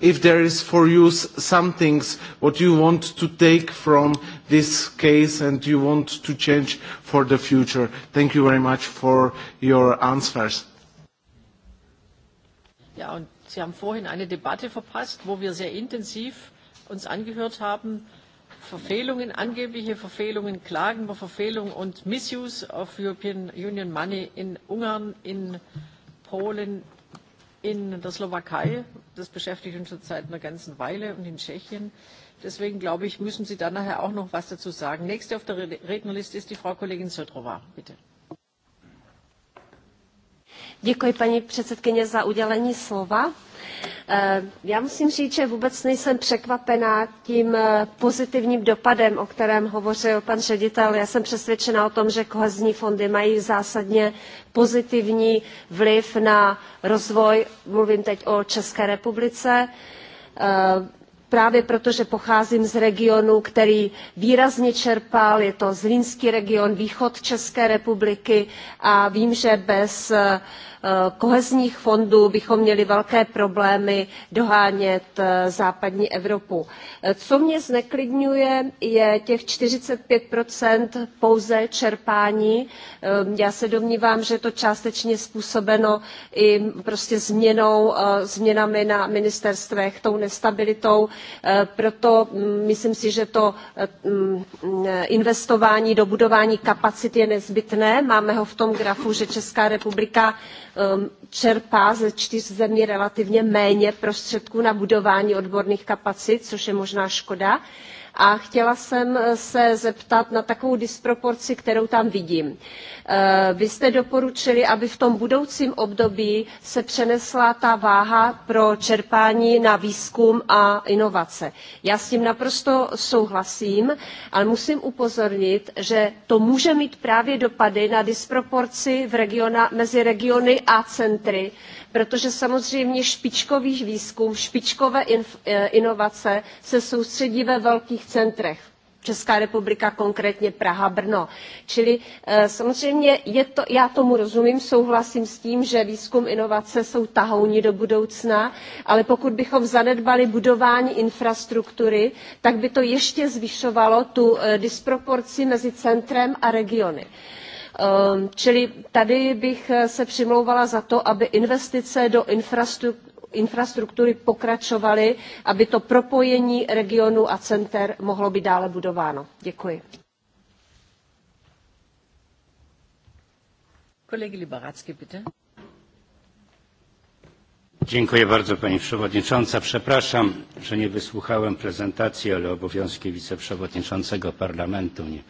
if there is for you some things what you want to take from this case and you want to change for the future. Thank you very much for your answers. Yeah, ja, Sie haben vorhin eine Debatte verpasst, wo wir sehr intensiv uns angehört haben. Verfehlungen, angebliche Verfehlungen, Klagen über Verfehlungen und Misuse of European Union Money in Ungarn, in Polen, in der Slowakei. Das beschäftigt uns schon seit einer ganzen Weile und in Tschechien. Deswegen glaube ich, müssen Sie da nachher auch noch was dazu sagen. Nächste auf der Rednerliste ist die Frau Kollegin Södrova. Bitte. Děkuji paní předsedkyně za udělení slova. Eh, já musím říct, že vůbec nejsem překvapená tím eh, pozitivním dopadem, o kterém hovořil pan ředitel. Já jsem přesvědčena o tom, že kohezní fondy mají zásadně pozitivní vliv na rozvoj, mluvím teď o České republice, eh, právě protože pocházím z regionu, který výrazně čerpal, je to Zlínský region, východ České republiky a vím, že bez Eh, kohezních fondů bychom měli velké problémy dohánět eh, západní Evropu. Eh, co mě zneklidňuje, je těch 45 pouze čerpání. Já se domnívám, že je to částečně způsobeno i prostě změnou, změnami na ministerstvech, tou nestabilitou. Proto mm, myslím si, že to mm, investování do budování kapacit je nezbytné. Máme ho v tom grafu, že Česká republika Um, čerpá ze čtyř zemí relativně méně prostředků na budování odborných kapacit, což je možná škoda a chtěla jsem eh, se zeptat na takovou disproporci, kterou tam vidím. Eh, vy jste doporučili, aby v tom budoucím období se přenesla ta váha pro čerpání na výzkum a inovace. Já s tím naprosto souhlasím, ale musím upozornit, že to může mít právě dopady na disproporci v regiona, mezi regiony a centry, protože samozřejmě špičkový výzkum špičkové eh, inovace se soustředí ve velkých centrech Česká republika, konkrétně Praha, Brno. Čili eh, samozřejmě je to, já tomu rozumím, souhlasím s tím, že výzkum inovace jsou tahouni do budoucna, ale pokud bychom zanedbali budování infrastruktury, tak by to ještě zvyšovalo tu eh, disproporci mezi centrem a regiony. Ehm, čili tady bych eh, se přimlouvala za to aby investice do infrastruktury pokračovaly aby to propojení regionů a center mohlo být dále budováno. děkuji. Dziękuję bardzo pani przewodnicząca. Przepraszam, że nie wysłuchałem prezentacji, ale obowiązki wiceprzewodniczącego parlamentu nie,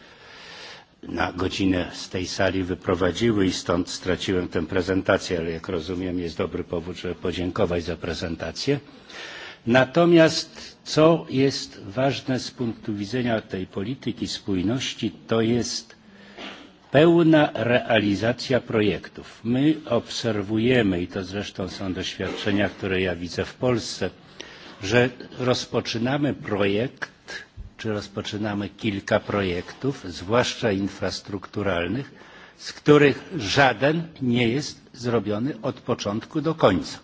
na godzinę z tej sali wyprowadziły i stąd straciłem tę prezentację, ale jak rozumiem jest dobry powód, żeby podziękować za prezentację. Natomiast co jest ważne z punktu widzenia tej polityki spójności, to jest pełna realizacja projektów. My obserwujemy, i to zresztą są doświadczenia, które ja widzę w Polsce, że rozpoczynamy projekt, czy rozpoczynamy kilka projektów, zwłaszcza infrastrukturalnych, z których żaden nie jest zrobiony od początku do końca.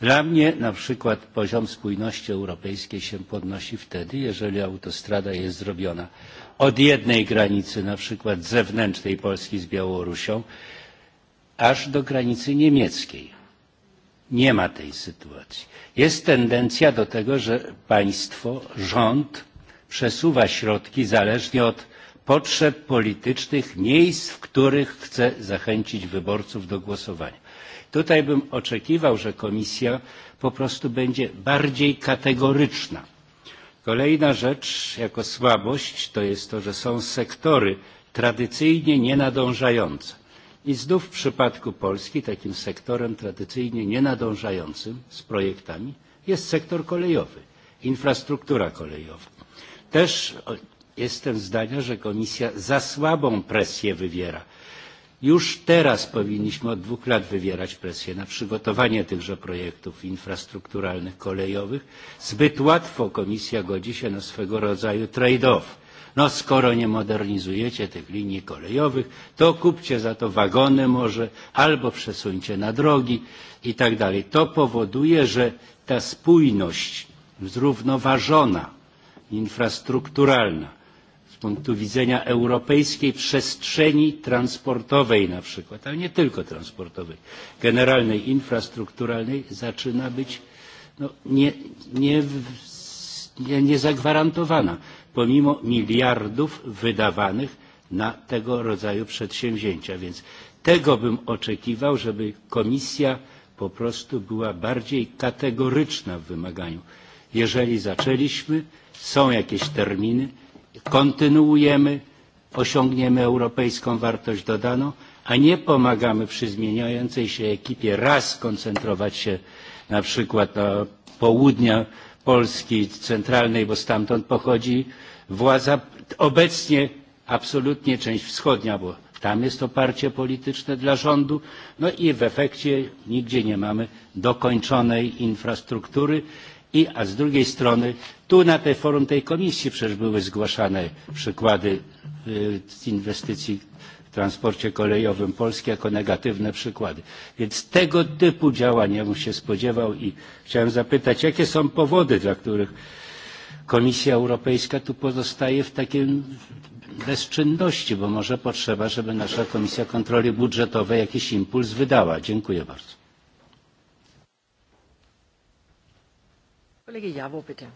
Dla mnie na przykład poziom spójności europejskiej się podnosi wtedy, jeżeli autostrada jest zrobiona od jednej granicy, na przykład zewnętrznej Polski z Białorusią, aż do granicy niemieckiej. Nie ma tej sytuacji. Jest tendencja do tego, że państwo, rząd, przesuwa środki zależnie od potrzeb politycznych miejsc, w których chce zachęcić wyborców do głosowania. Tutaj bym oczekiwał, że komisja po prostu będzie bardziej kategoryczna. Kolejna rzecz jako słabość to jest to, że są sektory tradycyjnie nienadążające. I znów w przypadku Polski takim sektorem tradycyjnie nienadążającym z projektami jest sektor kolejowy, infrastruktura kolejowa też jestem zdania, że Komisja za słabą presję wywiera. Już teraz powinniśmy od dwóch lat wywierać presję na przygotowanie tychże projektów infrastrukturalnych, kolejowych. Zbyt łatwo Komisja godzi się na swego rodzaju trade-off. No skoro nie modernizujecie tych linii kolejowych, to kupcie za to wagony może albo przesuńcie na drogi i tak dalej. To powoduje, że ta spójność zrównoważona infrastrukturalna z punktu widzenia europejskiej przestrzeni transportowej na przykład, ale nie tylko transportowej, generalnej infrastrukturalnej zaczyna być no, nie, nie, nie, nie zagwarantowana pomimo miliardów wydawanych na tego rodzaju przedsięwzięcia. Więc tego bym oczekiwał, żeby komisja po prostu była bardziej kategoryczna w wymaganiu. Jeżeli zaczęliśmy, są jakieś terminy, kontynuujemy, osiągniemy europejską wartość dodaną, a nie pomagamy przy zmieniającej się ekipie raz koncentrować się na przykład na południa Polski centralnej, bo stamtąd pochodzi władza, obecnie absolutnie część wschodnia, bo tam jest oparcie polityczne dla rządu, no i w efekcie nigdzie nie mamy dokończonej infrastruktury. I, a z drugiej strony, tu na tej forum tej komisji przecież były zgłaszane przykłady z inwestycji w transporcie kolejowym Polski jako negatywne przykłady. Więc tego typu działania bym się spodziewał i chciałem zapytać, jakie są powody, dla których Komisja Europejska tu pozostaje w takiej bezczynności, bo może potrzeba, żeby nasza Komisja Kontroli Budżetowej jakiś impuls wydała. Dziękuję bardzo. Kollege Jawo, bitte.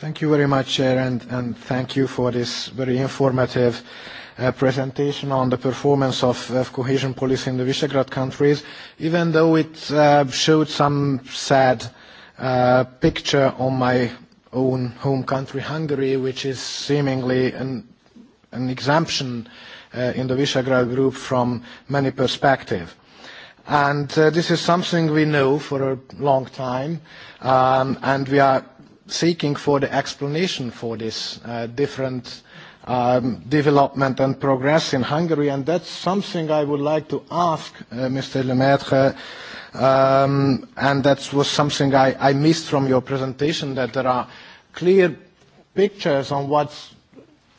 Thank you very much, Chair, and, and thank you for this very informative uh, presentation on the performance of, of cohesion policy in the Visegrad countries, even though it uh, showed some sad uh, picture on my own home country, Hungary, which is seemingly an, an exemption uh, in the Visegrad group from many perspectives and uh, this is something we know for a long time, um, and we are seeking for the explanation for this uh, different um, development and progress in Hungary, and that's something I would like to ask uh, Mr. Lemaitre, um, and that was something I, I missed from your presentation, that there are clear pictures on what's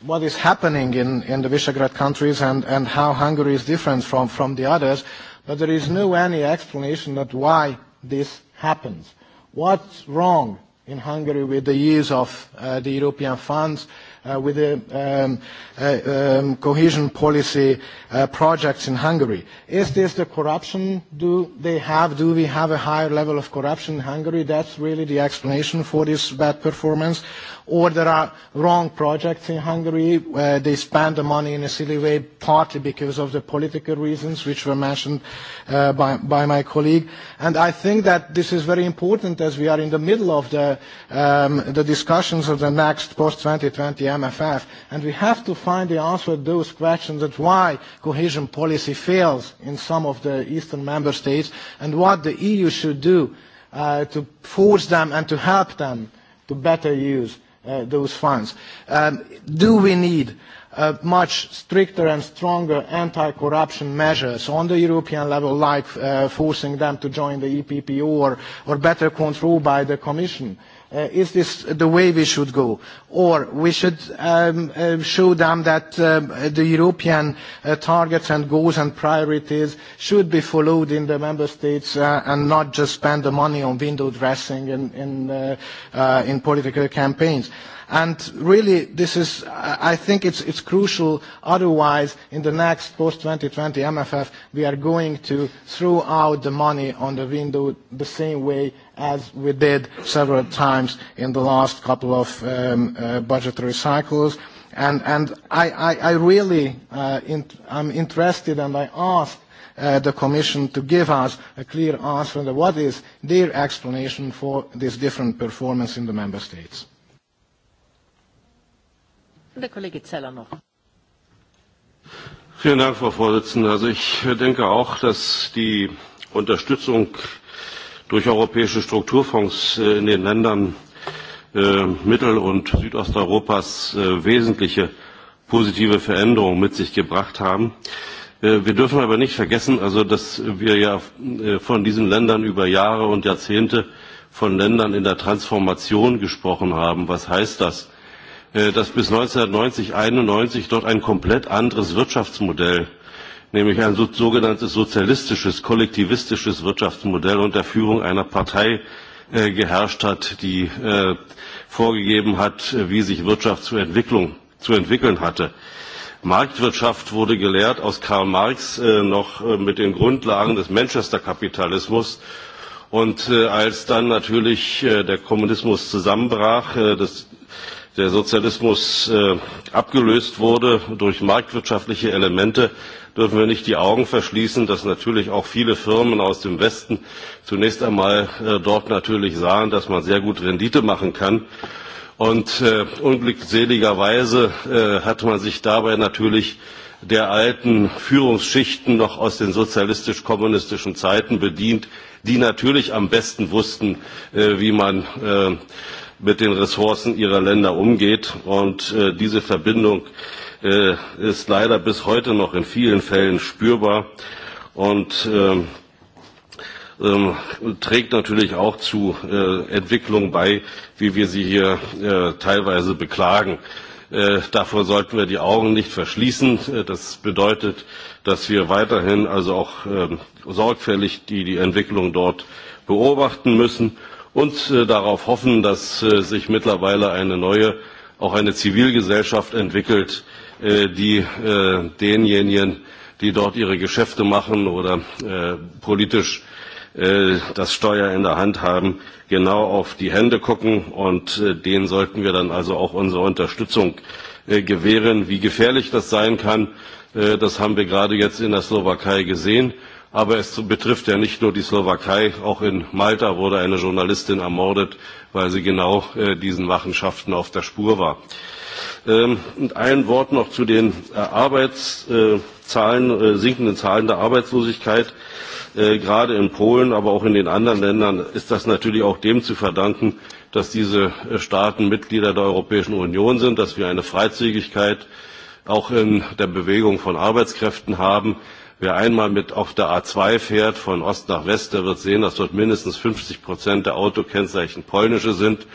what is happening in, in the Visegrad countries and, and how Hungary is different from, from the others but there is no any explanation that why this happens. what's wrong in hungary with the use of uh, the european funds? uh, with the um, uh, um, cohesion policy uh, projects in Hungary. Is this the corruption do they have? Do we have a higher level of corruption in Hungary? That's really the explanation for this bad performance. Or there are wrong projects in Hungary. Uh, they spend the money in a silly way, partly because of the political reasons which were mentioned uh, by, by my colleague. And I think that this is very important as we are in the middle of the, um, the discussions of the next post-2020 MFF, and we have to find the answer to those questions that why cohesion policy fails in some of the eastern member states and what the EU should do uh, to force them and to help them to better use uh, those funds. Um, do we need uh, much stricter and stronger anti-corruption measures on the European level, like uh, forcing them to join the EPPO or, or better control by the Commission? Uh, uh, is this the way we should go? Or we should um, uh, show them that um, the European uh, targets and goals and priorities should be followed in the member states uh, and not just spend the money on window dressing in, in, uh, uh, in political campaigns. And really, this is, I think it's, it's crucial. Otherwise, in the next post-2020 MFF, we are going to throw out the money on the window the same way as we did several times in the last couple of um, uh, budgetary cycles. I really am uh, interested, and I ask uh, the Commission to give us a clear answer on what is their explanation for this different performance in the member states. The colleague at Cellnex. Vielen Dank, Frau Vorsitzende. Ich denke auch, dass die Unterstützung durch europäische Strukturfonds äh, in den Ländern äh, Mittel- und Südosteuropas äh, wesentliche positive Veränderungen mit sich gebracht haben. Wir dürfen aber nicht vergessen, also dass wir ja von diesen Ländern über Jahre und Jahrzehnte von Ländern in der Transformation gesprochen haben. Was heißt das? Dass bis 1990, 1991 dort ein komplett anderes Wirtschaftsmodell äh, nämlich ein so, sogenanntes sozialistisches, kollektivistisches Wirtschaftsmodell unter Führung einer Partei äh, geherrscht hat, die äh, vorgegeben hat, äh, wie sich Wirtschaft zu, Entwicklung, zu entwickeln hatte. Marktwirtschaft wurde gelehrt aus Karl Marx äh, noch äh, mit den Grundlagen des Manchester-Kapitalismus. Und äh, als dann natürlich äh, der Kommunismus zusammenbrach, äh, das, der Sozialismus äh, abgelöst wurde durch marktwirtschaftliche Elemente, dürfen wir nicht die Augen verschließen, dass natürlich auch viele Firmen aus dem Westen zunächst einmal äh, dort natürlich sahen, dass man sehr gut Rendite machen kann. Und äh, unglückseligerweise äh, hat man sich dabei natürlich der alten Führungsschichten noch aus den sozialistisch-kommunistischen Zeiten bedient, die natürlich am besten wussten, äh, wie man äh, mit den Ressourcen ihrer Länder umgeht. Und äh, diese Verbindung äh, äh, ist leider bis heute noch in vielen Fällen spürbar und äh, äh, trägt natürlich auch zu äh, Entwicklungen bei, wie wir sie hier äh, teilweise beklagen. Äh, davor sollten wir die Augen nicht verschließen. Äh, das bedeutet, dass wir weiterhin also auch äh, sorgfältig die, die Entwicklung dort beobachten müssen und äh, darauf hoffen, dass äh, sich mittlerweile eine neue, auch eine Zivilgesellschaft entwickelt, äh, Äh, die äh, denjenigen, die dort ihre Geschäfte machen oder äh, politisch das Steuer in der Hand haben, genau auf die Hände gucken. Und denen sollten wir dann also auch unsere Unterstützung gewähren. Wie gefährlich das sein kann, das haben wir gerade jetzt in der Slowakei gesehen. Aber es betrifft ja nicht nur die Slowakei. Auch in Malta wurde eine Journalistin ermordet, weil sie genau diesen Machenschaften auf der Spur war. Ähm, und ein Wort noch zu den äh, Arbeitszahlen, äh, äh, sinkenden Zahlen der Arbeitslosigkeit. Gerade in Polen, aber auch in den anderen Ländern ist das natürlich auch dem zu verdanken, dass diese Staaten Mitglieder der Europäischen Union sind, dass wir eine Freizügigkeit auch in der Bewegung von Arbeitskräften haben. Wer einmal mit auf der A2 fährt von Ost nach West, der wird sehen, dass dort mindestens 50 Prozent der Autokennzeichen polnische sind.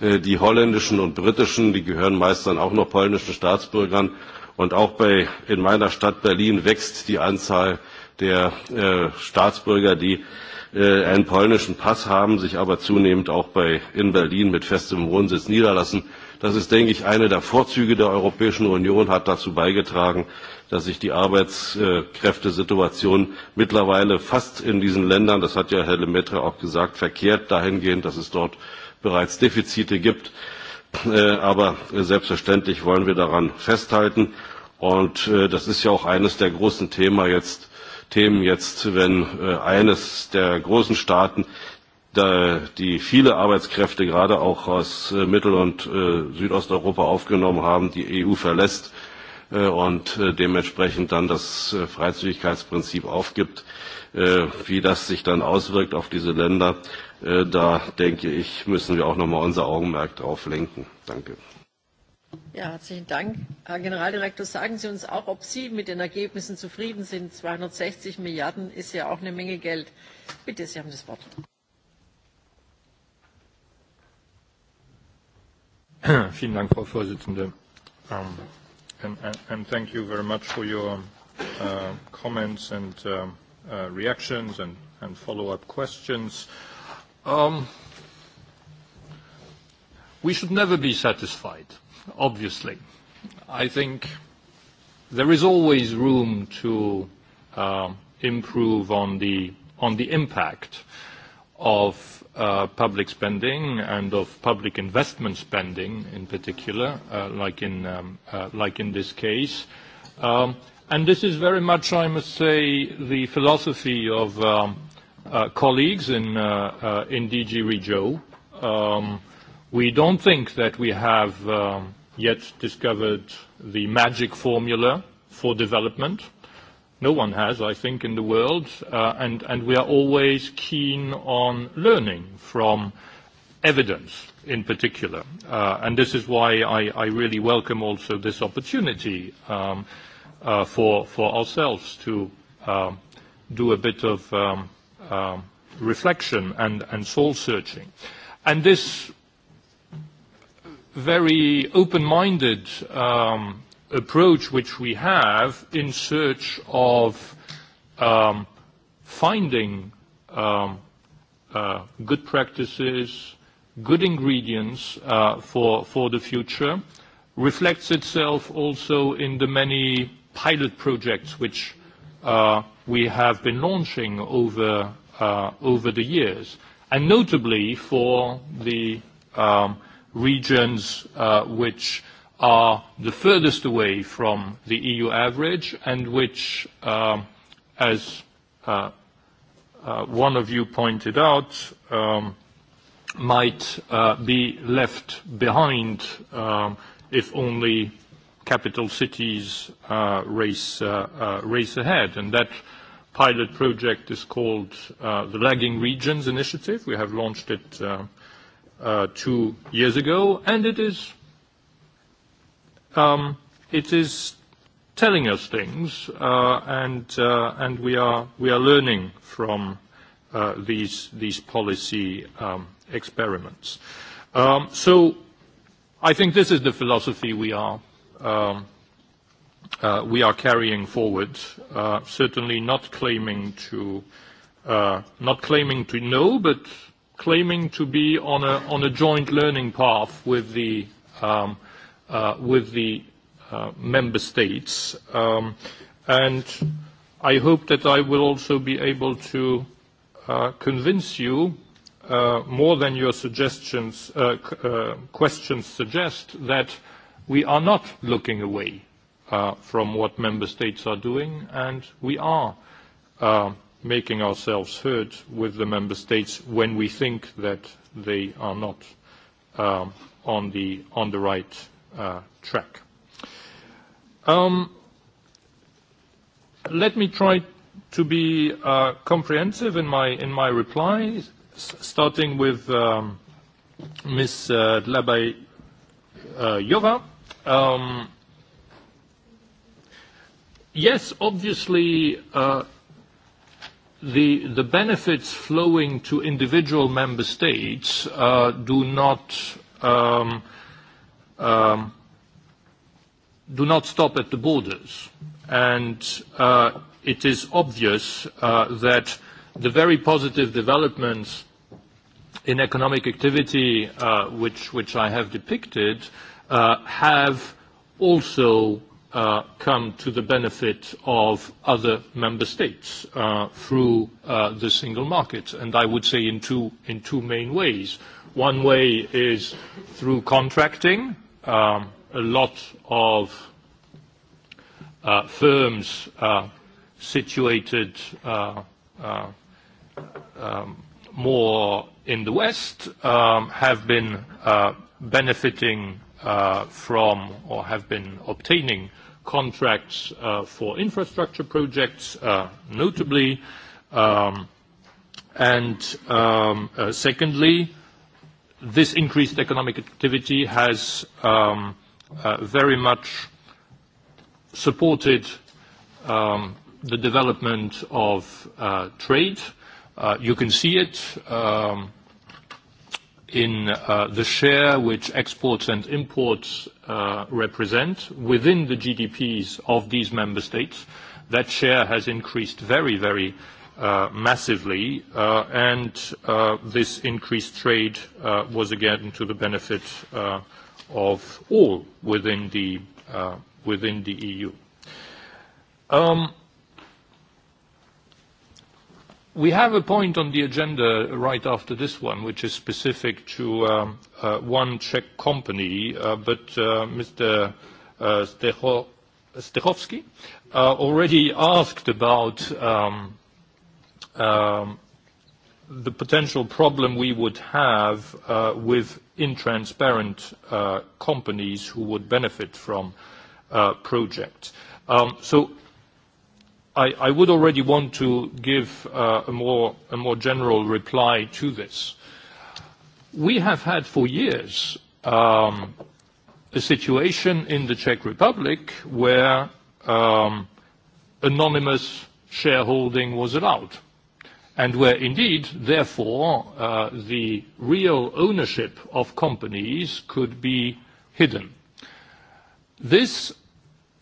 Äh, die holländischen und britischen, die gehören meist dann auch noch polnischen Staatsbürgern. Und auch bei, in meiner Stadt Berlin wächst die Anzahl der äh, Staatsbürger, die äh, einen polnischen Pass haben, sich aber zunehmend auch bei, in Berlin mit festem Wohnsitz niederlassen. Das ist, denke ich, eine der Vorzüge der Europäischen Union, hat dazu beigetragen, dass sich die Arbeitskräftesituation mittlerweile fast in diesen Ländern, das hat ja Herr Lemaitre auch gesagt, verkehrt dahingehend, dass es dort bereits Defizite gibt. Äh, aber selbstverständlich wollen wir daran festhalten. Und äh, das ist ja auch eines der großen Thema jetzt, Themen jetzt, wenn äh, eines der großen Staaten, die viele Arbeitskräfte gerade auch aus Mittel- und Südosteuropa aufgenommen haben, die EU verlässt, Äh, und äh, dementsprechend dann das äh, Freizügigkeitsprinzip aufgibt. Wie das sich dann auswirkt auf diese Länder, da denke ich, müssen wir auch nochmal unser Augenmerk drauf lenken. Danke. Ja, herzlichen Dank. Herr Generaldirektor, sagen Sie uns auch, ob Sie mit den Ergebnissen zufrieden sind. 260 Milliarden ist ja auch eine Menge Geld. Bitte, Sie haben das Wort. Vielen Dank, Frau Vorsitzende. Ähm, Thank you very much for your um, uh, comments and um, uh, reactions and follow-up questions. Um, we should never be satisfied, obviously. I think there is always room to improve on the impact of Uh, public spending and of public investment spending in particular, uh, um, uh, like in this case. Um, and this is very much, I must say, the philosophy of um, colleagues in DG Regio. We don't think that we have yet discovered the magic formula for development. No one has, I think, in the world. Uh, we are always keen on learning from evidence in particular. Uh, this is why I really welcome also this opportunity um, uh, for ourselves to um, do a bit of um, reflection and soul-searching. This very open-minded approach which we have in search of um, finding um, uh, good practices, good ingredients uh, for, for the future, reflects itself also in the many pilot projects which uh, we have been launching over, uh, over the years, and notably for the um, regions uh, which uh, are the furthest away from the EU average and which, um, as uh, uh, one of you pointed out, um, might uh, be left behind um, if only capital cities race ahead. And that pilot project is called the Lagging Regions Initiative. We have launched it two years ago, and it is um, it is telling us things, uh, and, uh, and we, are, we are learning from uh, these, these policy um, experiments. Um, so I think this is the philosophy we are, um, uh, we are carrying forward, uh, certainly not claiming to, uh, not claiming to know, but claiming to be on a, on a joint learning path with the, um, Uh, with the uh, member states. Um, and I hope that I will also be able to uh, convince you, uh, more than your suggestions, uh, uh, questions suggest, that we are not looking away uh, from what member states are doing, and we are uh, making ourselves heard with the member states when we think that they are not uh, on, the, on the right uh, track. Um, let me try to be uh, comprehensive in my in my reply, s- starting with um, Ms. Dlabayova. Uh, uh um, yes, obviously, uh, the the benefits flowing to individual member states uh, do not. Um, um, do not stop at the borders. And uh, it is obvious uh, that the very positive developments in economic activity, uh, which, which I have depicted, uh, have also uh, come to the benefit of other member states uh, through uh, the single market, and I would say in two, in two main ways. One way is through contracting, Um, a lot of uh, firms uh, situated uh, um, more in the West um, have been benefiting from or have been obtaining contracts for infrastructure projects, notably. And secondly, this increased economic activity has um, uh, very much supported um, the development of uh, trade. Uh, you can see it um, in the share which exports and imports represent within the GDPs of these member states. That share has increased very, very Uh, massively. Uh, uh, this increased trade was again to the benefit of all within the EU. E um, we have a point on the agenda right after this one, which is specific to um, one Czech company. Mr. Stachowski already asked about um, um, the potential problem we would have uh, with intransparent uh, companies who would benefit from uh, project. Um, so I, I would already want to give uh, a, more, a more general reply to this. We have had for years um, a situation in the Czech Republic where um, anonymous shareholding was allowed and where indeed, therefore, uh, the real ownership of companies could be hidden. This,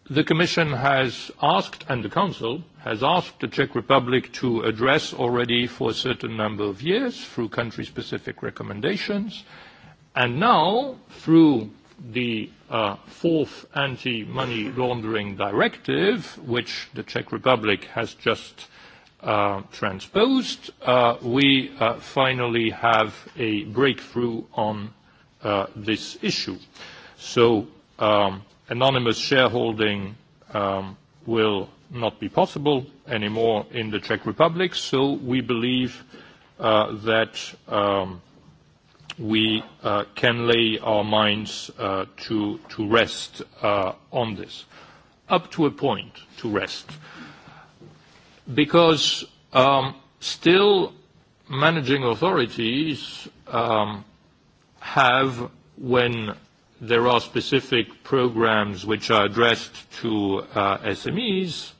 the Commission has asked, and the Council has asked the Czech Republic to address already for a certain number of years through country-specific recommendations, and now through the uh, fourth anti-money laundering directive, which the Czech Republic has just uh, Uh, transposed, uh, we uh, finally have a breakthrough on this issue. So um, anonymous shareholding um, will not be possible anymore in the Czech Republic, so we believe that um, we can lay our minds to rest on this. Up to a point to rest because um, still managing authorities um, have, when there are specific programs which are addressed to uh, SMEs,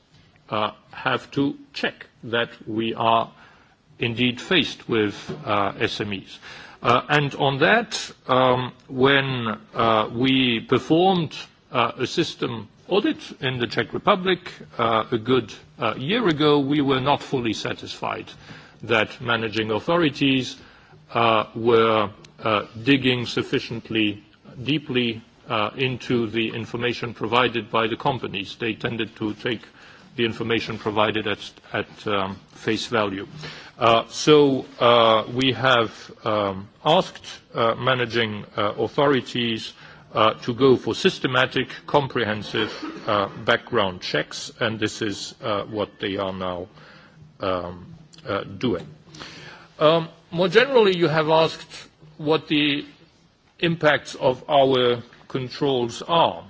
uh, have to check that we are indeed faced with uh, SMEs. Uh, and on that, um, when uh, we performed uh, a system audit in the Czech Republic uh, a good uh, year ago, we were not fully satisfied that managing authorities uh, were digging sufficiently deeply into the information provided by the companies. They tended to take the information provided at um, face value. So we have um, asked managing authorities uh, to go for systematic, comprehensive uh, background checks, and this is uh, what they are now um, uh, doing. Um, more generally, you have asked what the impacts of our controls are.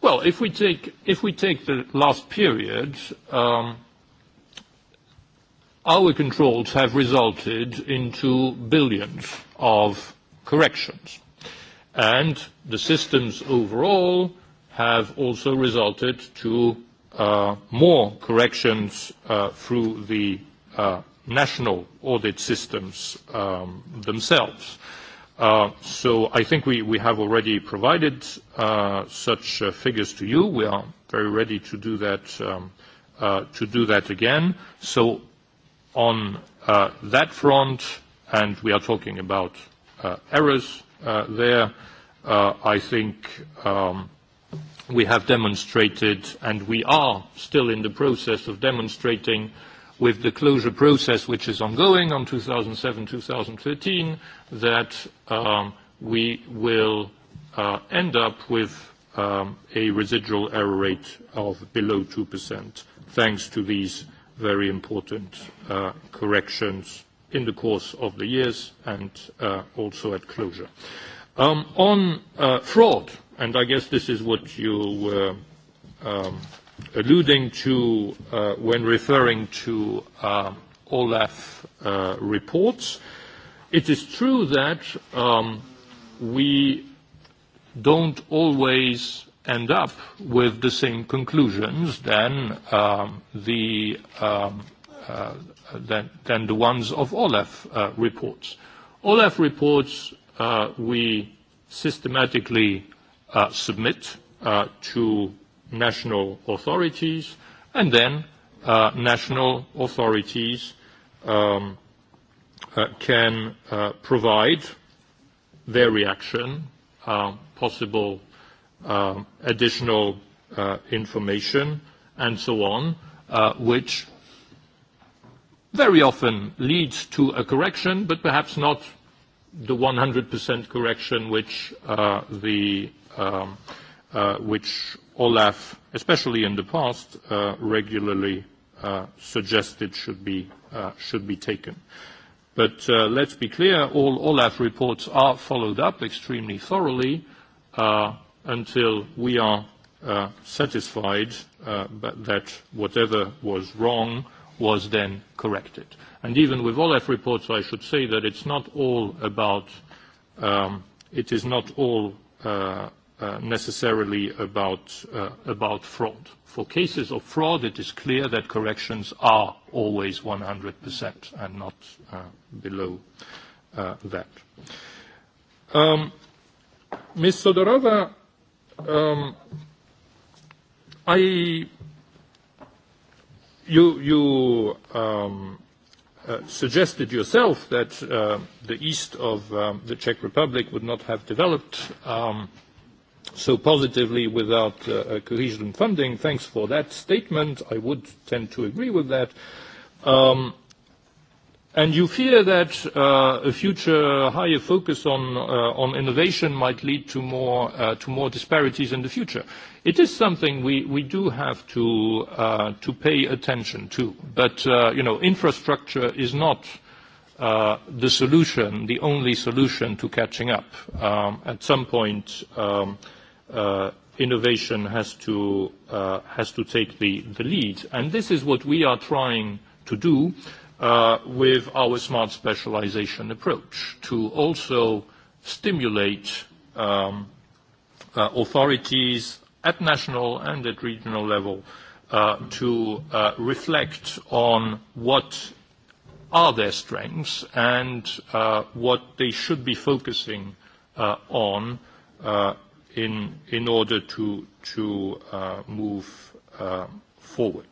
Well, if we take, if we take the last period, um, our controls have resulted into billions of corrections and the systems overall have also resulted to uh, more corrections uh, through the uh, national audit systems um, themselves. So I think we have already provided such figures to you. We are very ready to do that um, to do that again. So on that front, and we are talking about errors, Uh, there. Uh, I think um, we have demonstrated, and we are still in the process of demonstrating with the closure process, which is ongoing on 2007, 2013, that um, we will uh, end up with um, a residual error rate of below 2%, thanks to these very important corrections in the course of the years and uh, also at closure. Um, on uh, fraud, and I guess this is what you were um, alluding to uh, when referring to Olaf reports, it is true that um, we don't always end up with the same conclusions than the than the ones of Olaf uh, reports. Olaf reports, uh, we systematically uh, submit to national authorities, and then national authorities um, can provide their reaction, um, possible um, additional information, and so on, which very often leads to a correction, but perhaps not the 100% correction uh, um, uh, which Olaf, especially in the past, uh, regularly suggested should be taken. But let's be clear, all Olaf reports are followed up extremely thoroughly until we are satisfied that whatever was wrong was then corrected. And even with OLEF reports, I should say that it's not all about, um, it is not all uh, uh, necessarily about, uh, about fraud. For cases of fraud, it is clear that corrections are always 100% and not uh, below uh, that. Um, Ms. Sodorova, um, I you you um, uh, suggested yourself that uh, the east of um, the Czech Republic would not have developed um, so positively without uh, uh, cohesion funding. Thanks for that statement. I would tend to agree with that. Um, And you fear that uh, a future higher focus on, uh, on innovation might lead to more, uh, to more disparities in the future. It is something we, we do have to, uh, to pay attention to. But, uh, you know, infrastructure is not uh, the solution, the only solution to catching up. Um, at some point, um, uh, innovation has to, uh, has to take the, the lead. And this is what we are trying to do. Uh, with our smart specialization approach to also stimulate um, uh, authorities at national and at regional level uh, to reflect on what are their strengths and what they should be focusing on in order to move forward.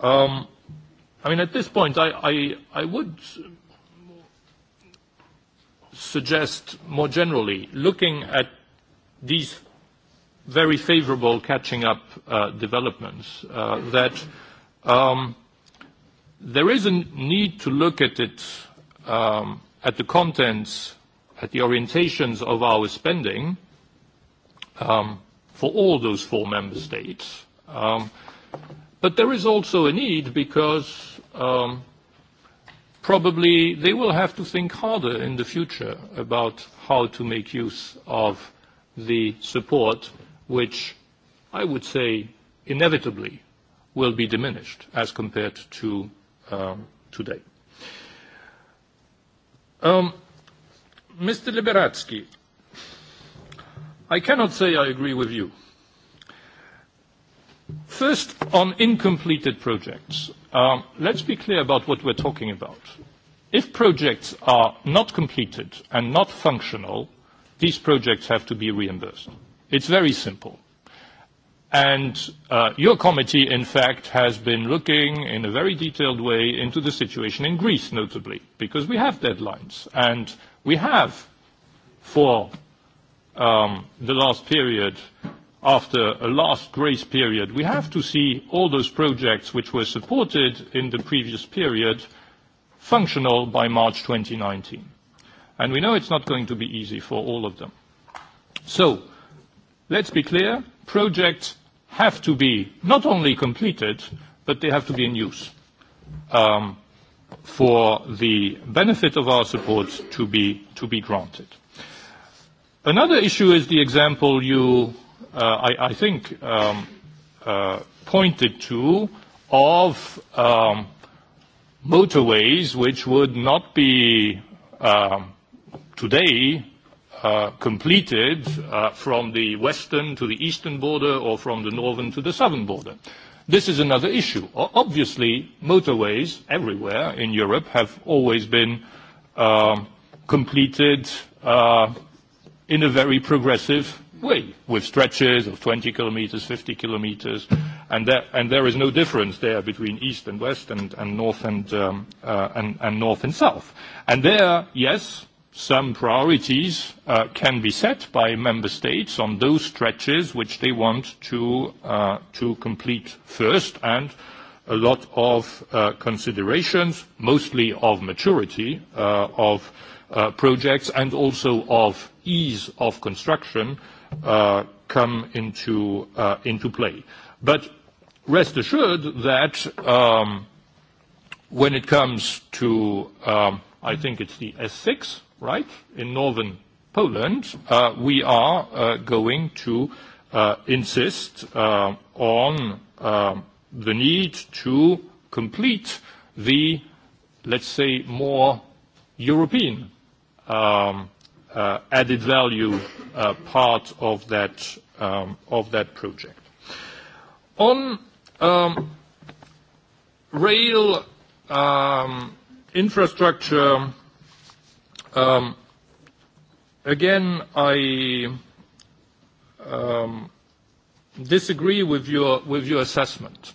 Um, I mean, at this point, I, I, I would suggest more generally looking at these very favorable catching up uh, developments uh, that um, there is a need to look at it, um, at the contents, at the orientations of our spending um, for all those four member states. Um, But there is also a need because um, probably they will have to think harder in the future about how to make use of the support which I would say inevitably will be diminished as compared to um, today. Um, Mr. Liberatsky, I cannot say I agree with you. First, on incompleted projects, um, let's be clear about what we're talking about. If projects are not completed and not functional, these projects have to be reimbursed. It's very simple. And uh, your committee, in fact, has been looking in a very detailed way into the situation in Greece, notably, because we have deadlines, and we have, for um, the last period, after a last grace period, we have to see all those projects which were supported in the previous period functional by March 2019. We know it's not going to be easy for all of them. Let's be clear, projects have to be not only completed, but they have to be in use um, for the benefit of our support to be granted. Another issue is the example you Uh, I, I think, um, uh, pointed to of um, motorways which would not be um, today uh, completed uh, from the western to the eastern border or from the northern to the southern border. This is another issue. Obviously, motorways everywhere in Europe have always been uh, completed uh, in a very progressive way way with stretches of 20 kilometers, 50 kilometers, and there, and there is no difference there between east and west and, and north and, um, uh, and, and north and south. And there, yes, some priorities uh, can be set by member states on those stretches which they want to, uh, to complete first and a lot of uh, considerations, mostly of maturity uh, of uh, projects and also of ease of construction uh, Uh, come into uh, play. Rest assured that um, when it comes to, um, I think it's the S6, right, in northern Poland, uh, we are going to insist on um, the need to complete the, let's say, more European Uh, added value uh, part um, of that project. On um, rail um, infrastructure, again, I disagree with your assessment.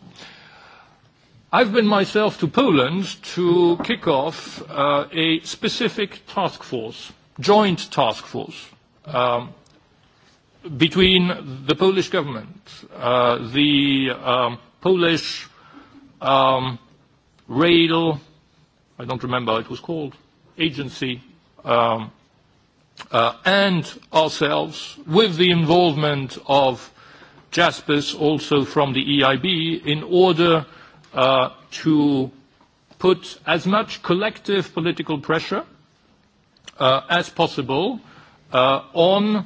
I've been myself to Poland to kick off uh, a specific task force joint task force um, between the Polish government, uh, the um, Polish um, rail, I don't remember how it was called, agency, um, uh, and ourselves, with the involvement of JASPIS, also from the EIB, in order uh, to put as much collective political pressure Uh, as possible uh, on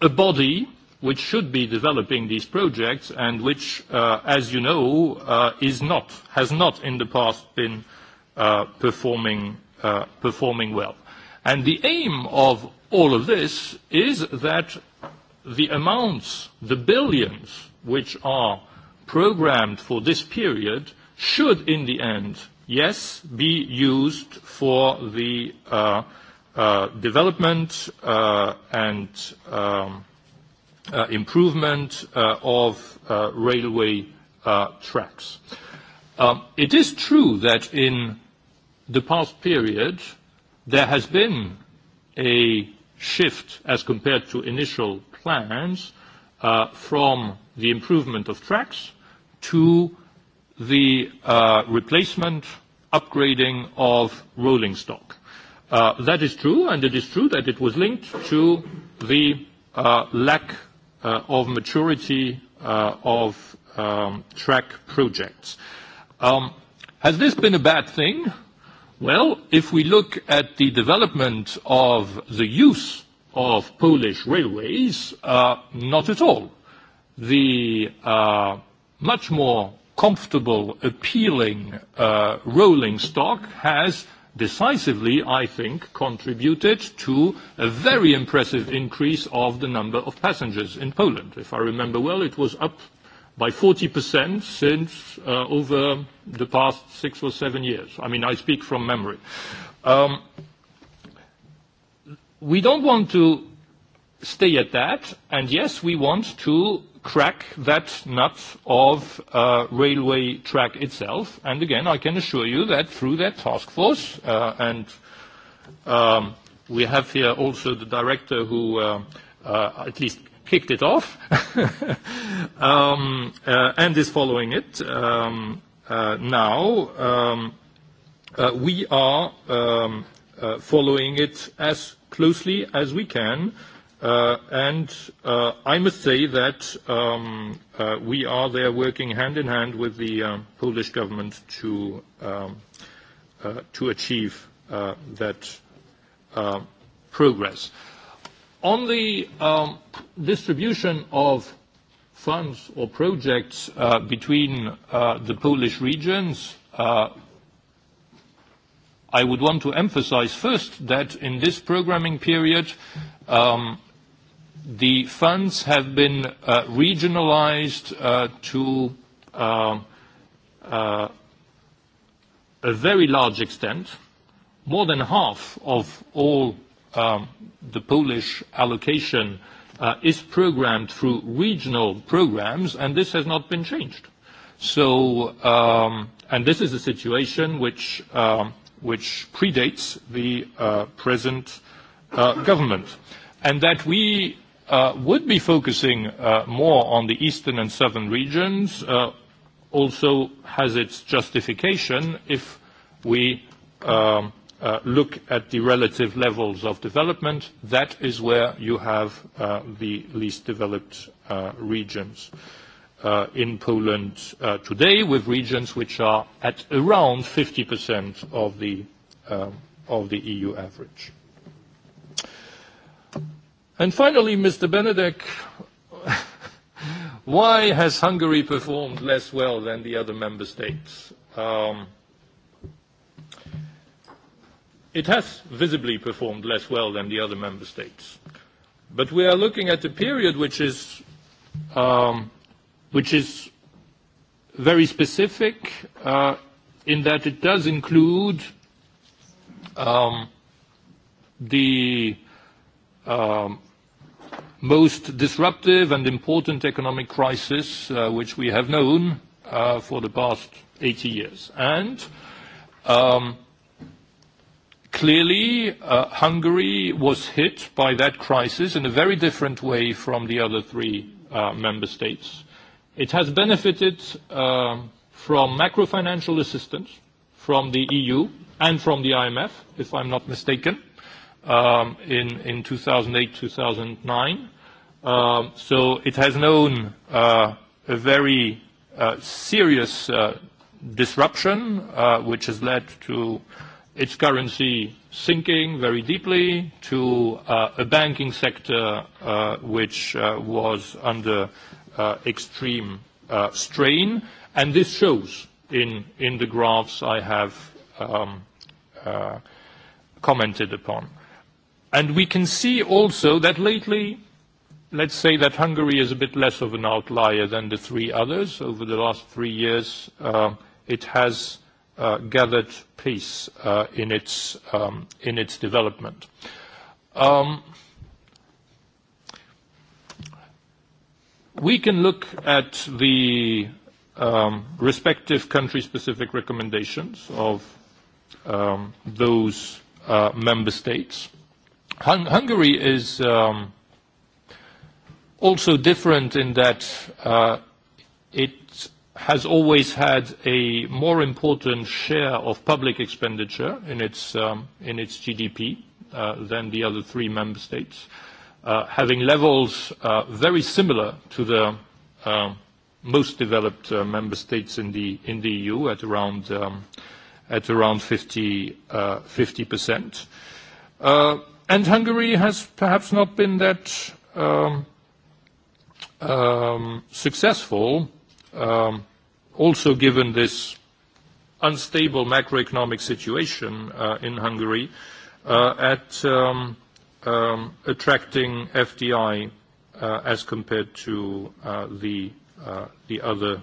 a body which should be developing these projects and which, uh, as you know, is not, has not in the past been performing well. The aim of all of this is that the amounts, the billions, which are programmed for this period, should, in the end, yes, be used for the Uh, development uh, and um, uh, improvement of railway tracks. Um, it is true that in the past period, there has been a shift as compared to initial plans from the improvement of tracks to the replacement, upgrading of rolling stock. Uh, that is true, and it is true that it was linked to the uh, lack uh, of maturity of um, track projects. Um, has this been a bad thing? Well, if we look at the development of the use of Polish railways, not at all. The much more comfortable, appealing rolling stock has decisively, I think, contributed to a very impressive increase of the number of passengers in Poland. If I remember well, it was up by 40% since uh, over the past six or seven years. I mean, I speak from memory. Um, we don't want to stay at that. And yes, we want to crack that nut of uh, railway track itself. And again, I can assure you that through that task force, uh, and um, we have here also the director who uh, at least kicked it off, um, and is following it um, now, we are following it as closely as we can Uh, and uh, I must say that um, uh, we are there working hand in hand with the um, Polish government to um, achieve that progress. On the distribution of funds or projects between the Polish regions, I would want to emphasize first that in this programming period, the the funds have been uh, regionalized uh, to um, uh, a very large extent. More than half of all um, the Polish allocation is programmed through regional programs, and this has not been changed. So, um, and this is a situation which predates the present government. And that we Uh, would be focusing uh, more on the eastern and southern regions uh, also has its justification if we um, look at the relative levels of development. That is where you have the least developed regions in Poland today, with regions which are at around 50% of the um, EU e average. And finally, Mr. Benedek, why has Hungary performed less well than the other member states? Um, it has visibly performed less well than the other member states. But we are looking at a period which is, um, which is very specific uh, in that it does include um, the um, most disruptive and important economic crisis uh, which we have known uh, for the past 80 years. Um, clearly, uh, Hungary was hit by that crisis in a very different way from the other three member states. It has benefited um, from macro financial assistance from the EU and from the IMF, if I'm not mistaken. Um, in 2008, 2009. Um, it has known uh, a very uh, serious uh, disruption, which has led to its currency sinking very deeply, to a banking sector which was under extreme strain. This shows in the graphs I have um, commented upon. And we can see also that lately, let's say that Hungary is a bit less of an outlier than the three others. Over the last three years, uh, it has uh, gathered pace uh, in, its, um, in its development. Um, we can look at the um, respective country-specific recommendations of um, those uh, member states. Hun Hungary is um, also different in that uh, it has always had a more important share of public expenditure in its, um, in its GDP uh, than the other three member states, uh, having levels uh, very similar to the uh, most developed uh, member states in the, in the EU at around, um, at around 50, uh, 50%. Uh, And Hungary has perhaps not been that um, um, successful, um, also given this unstable macroeconomic situation uh, in Hungary, uh, at um, um, attracting FDI uh, as compared to uh, the, uh, the other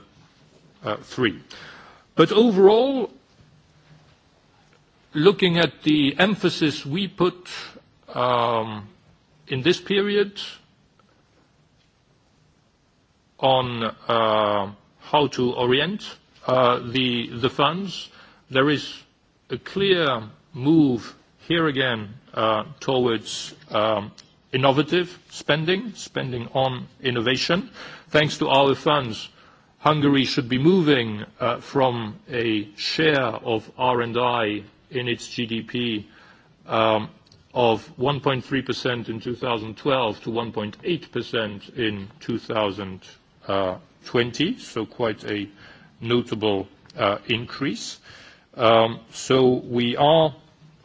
uh, three. But overall, looking at the emphasis we put Um, in this period, on uh, how to orient uh, the funds, there is a clear move here again uh, towards um, innovative spending, spending on innovation. Thanks to our funds, Hungary should be moving from a share of R&D in its GDP um, of 1.3% in 2012 to 1.8% in 2020, so quite a notable uh, increase. Um, we are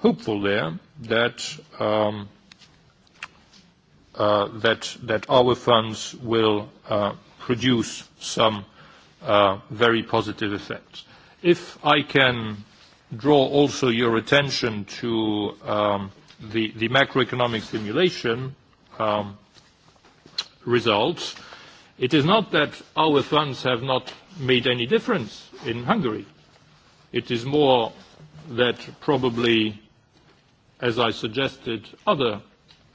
hopeful there that um, uh, our funds will uh, produce some very positive effect. If I can draw also your attention to um, the macroeconomic simulation um, results, it is not that our funds have not made any difference in Hungary. It is more that probably, as I suggested, other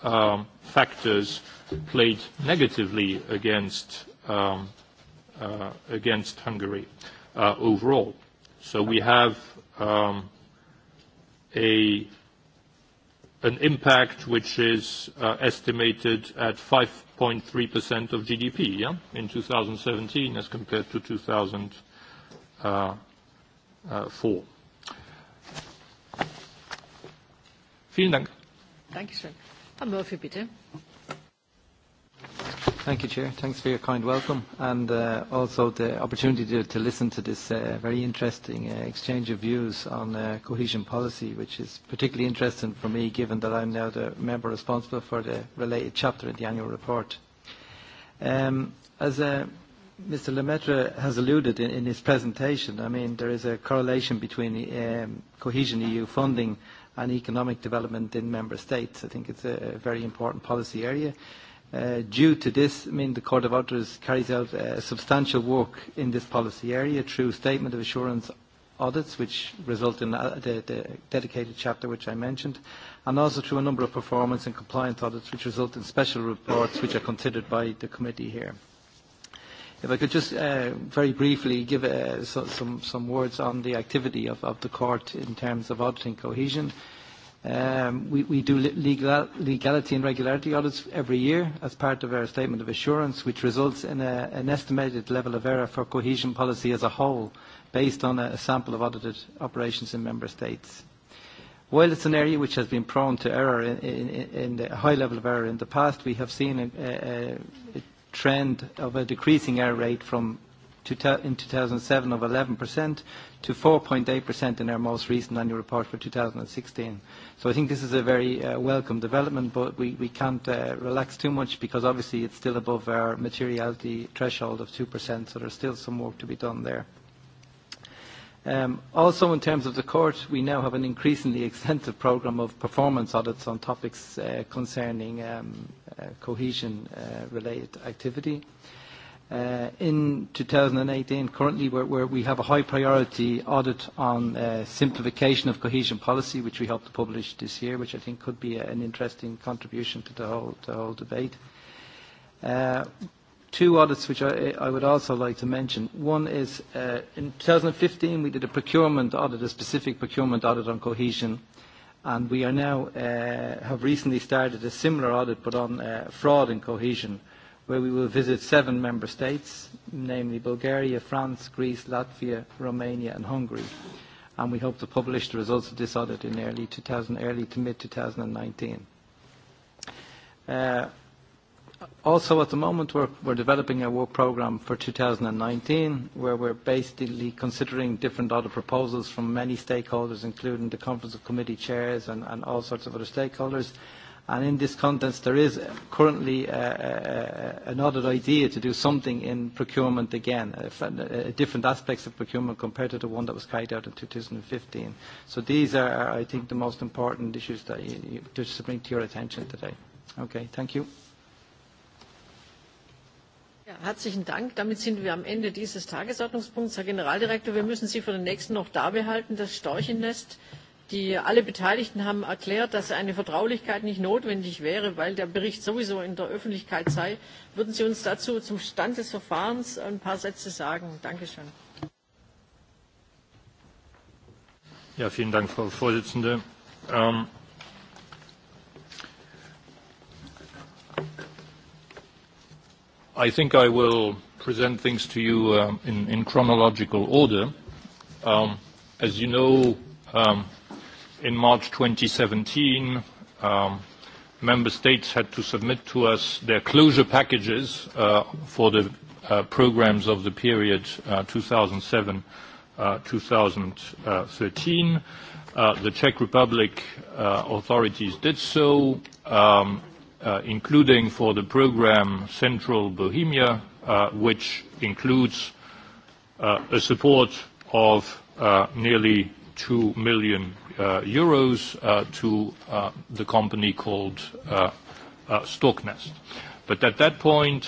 um, factors played negatively against um, uh, Hungary uh, overall. We have a an impact which is uh, estimated at 5.3% of GDP, yeah, in 2017 as compared to 2004. Uh, uh, Vielen Dank. Dankeschön. Herr Murphy, bitte. Thank you, Chair. Thanks for your kind welcome and uh, also the opportunity to, to listen to this uh, very interesting uh, exchange of views on uh, cohesion policy, which is particularly interesting for me given that I'm now the member responsible for the related chapter in the annual report. Um, as uh, Mr. Lemaitre has alluded in, in his presentation, I mean, there is a correlation between um, cohesion EU funding and economic development in member states. I think it's a very important policy area uh, due to this, I mean, the Court of Auditors carries out uh, substantial work in this policy area through statement of assurance audits, which result in uh, the, the dedicated chapter which I mentioned, and also through a number of performance and compliance audits, which result in special reports which are considered by the committee here. If I could just uh, very briefly give uh, so, some, some words on the activity of, of the court in terms of auditing cohesion. Uh, Um, we do legality and regularity audits every year as part of our statement of assurance, which results in an estimated level of error for cohesion policy as a whole, based on a sample of audited operations in member states. While it's an area which has been prone to error in the high level of error in the past, we have seen a trend of a decreasing error rate from in 2007 of 11% to 4.8% in our most recent annual report for 2016. I think this is a very uh, welcome development, but we can't uh, relax too much because obviously it's still above our materiality threshold of 2%, so there's still some work to be done there. Um, also in terms of the court, we now have an increasingly extensive program of performance audits on topics uh, concerning um, cohesion-related activity. Uh, in 2018. Currently, we have a high priority audit on uh, simplification of cohesion policy, which we hope to publish this year, which I think could be an interesting contribution to the whole debate. Uh, two audits which I would also like to mention. One is, in 2015, we did a procurement audit, a specific procurement audit on cohesion, and we have recently started a similar audit, but on fraud and cohesion, where we will visit seven member states, namely Bulgaria, France, Greece, Latvia, Romania and Hungary. And we hope to publish the results of this audit in early, 2000, early to mid-2019. Uh, also at the moment we're, we're developing a work programme for 2019 where we're basically considering different other proposals from many stakeholders including the Conference of Committee Chairs and, and all sorts of other stakeholders. And in this context, there is currently uh, uh, another idea to do something in procurement again, uh, different aspects of procurement compared to the one that was carried out in 2015. So these are, I think, the most important issues that you, you, to bring to your attention today. Okay, thank you. Ja, herzlichen Dank. Damit sind wir am Ende dieses Tagesordnungspunkts. Herr Generaldirektor, wir müssen Sie für den nächsten noch da behalten, das Storchennest. Die, alle Beteiligten haben erklärt, dass eine Vertraulichkeit nicht notwendig wäre, weil der Bericht sowieso in der Öffentlichkeit sei. Würden Sie uns dazu zum Stand des Verfahrens ein paar Sätze sagen? Dankeschön. Ja, vielen Dank, Frau Vorsitzende. Ähm I think I will present things to you um, in, in chronological order. Um, as you know, um, in March 2017, um, member states had to submit to us their closure packages uh, for the uh, programs of the period 2007-2013. Uh, uh, uh, the Czech Republic uh, authorities did so, um, uh, including for the program Central Bohemia, uh, which includes uh, a support of uh, nearly 2 million million uh, euros uh, to uh, the company called Stoknest. But at that point,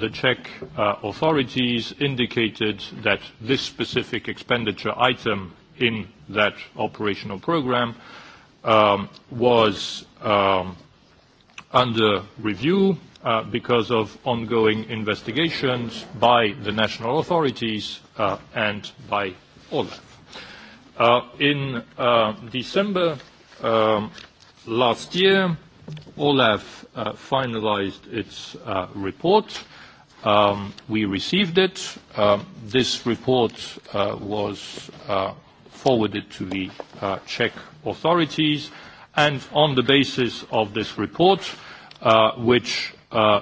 the Czech authorities indicated that this specific expenditure item in that operational program um, was um, under review because of ongoing investigations by the national authorities and by OLAF. Uh, in uh, December uh, last year, OLAF finalized its report. Um, we received it. This report was forwarded to the Czech authorities. On the basis of this report, which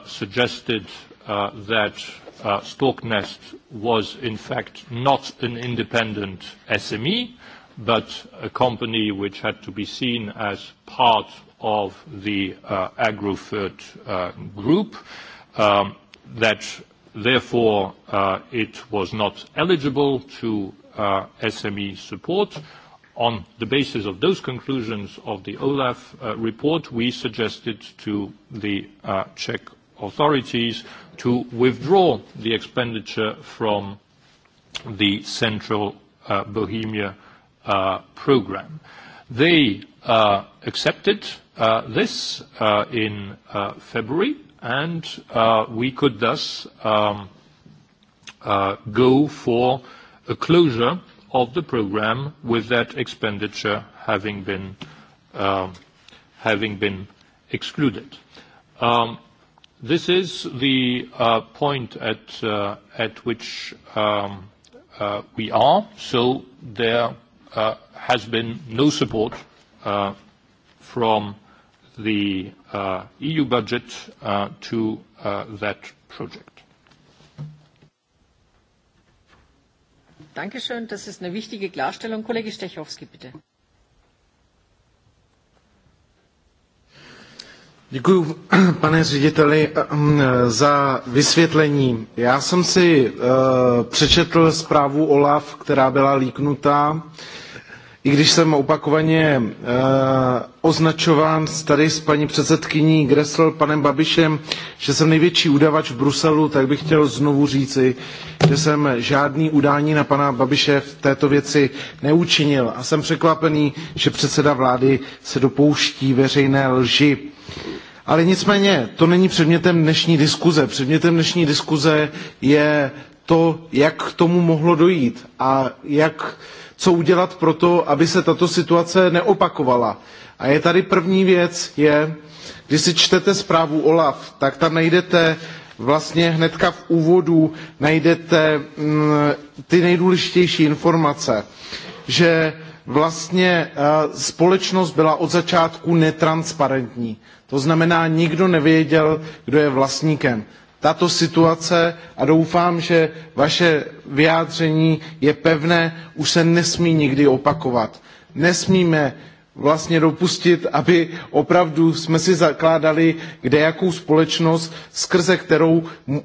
suggested Uh, that uh, Storknest was in fact not an independent SME, but a company which had to be seen as part of the uh, Agrofert uh, group, um, that therefore uh, it was not eligible to uh, SME support. On the basis of those conclusions of the OLAF uh, report, we suggested to the uh, Czech authorities uh, to withdraw the expenditure from the Central uh, Bohemia uh, program. They uh, accepted this in February, and we could thus um, go for a closure of the program with that expenditure having been um, excluded. Um, This is the uh, point at uh, which um, uh, we are. So there has been no support from the EU budget to that project. Dankeschön. Das ist eine wichtige Klarstellung. Kollege Stechowski, bitte. Děkuji, pane řediteli, ehm, za vysvětlení. Já jsem si eh, přečetl zprávu OLAF, která byla líknutá. I když jsem opakovaně eh, označován tady s paní předsedkyní Gressel, panem Babišem, že jsem největší udavač v Bruselu, tak bych chtěl znovu říci, že jsem žádný udání na pana Babiše v této věci neučinil. A jsem překvapený, že předseda vlády se dopouští veřejné lži. Ale nicméně, to není předmětem dnešní diskuze. Předmětem dnešní diskuze je to, jak k tomu mohlo dojít a jak, co udělat pro to, aby se tato situace neopakovala. A je tady první věc, je, když si čtete zprávu OLAF, tak tam najdete vlastně hnedka v úvodu najdete mm, ty nejdůležitější informace, že vlastně eh, společnost byla od začátku netransparentní. To znamená, nikdo nevěděl, kdo je vlastníkem. Tato situace, a doufám, že vaše vyjádření je pevné, už se nesmí nikdy opakovat. Nesmíme vlastně dopustit, aby opravdu jsme si zakládali kde jakou společnost, skrze kterou eh,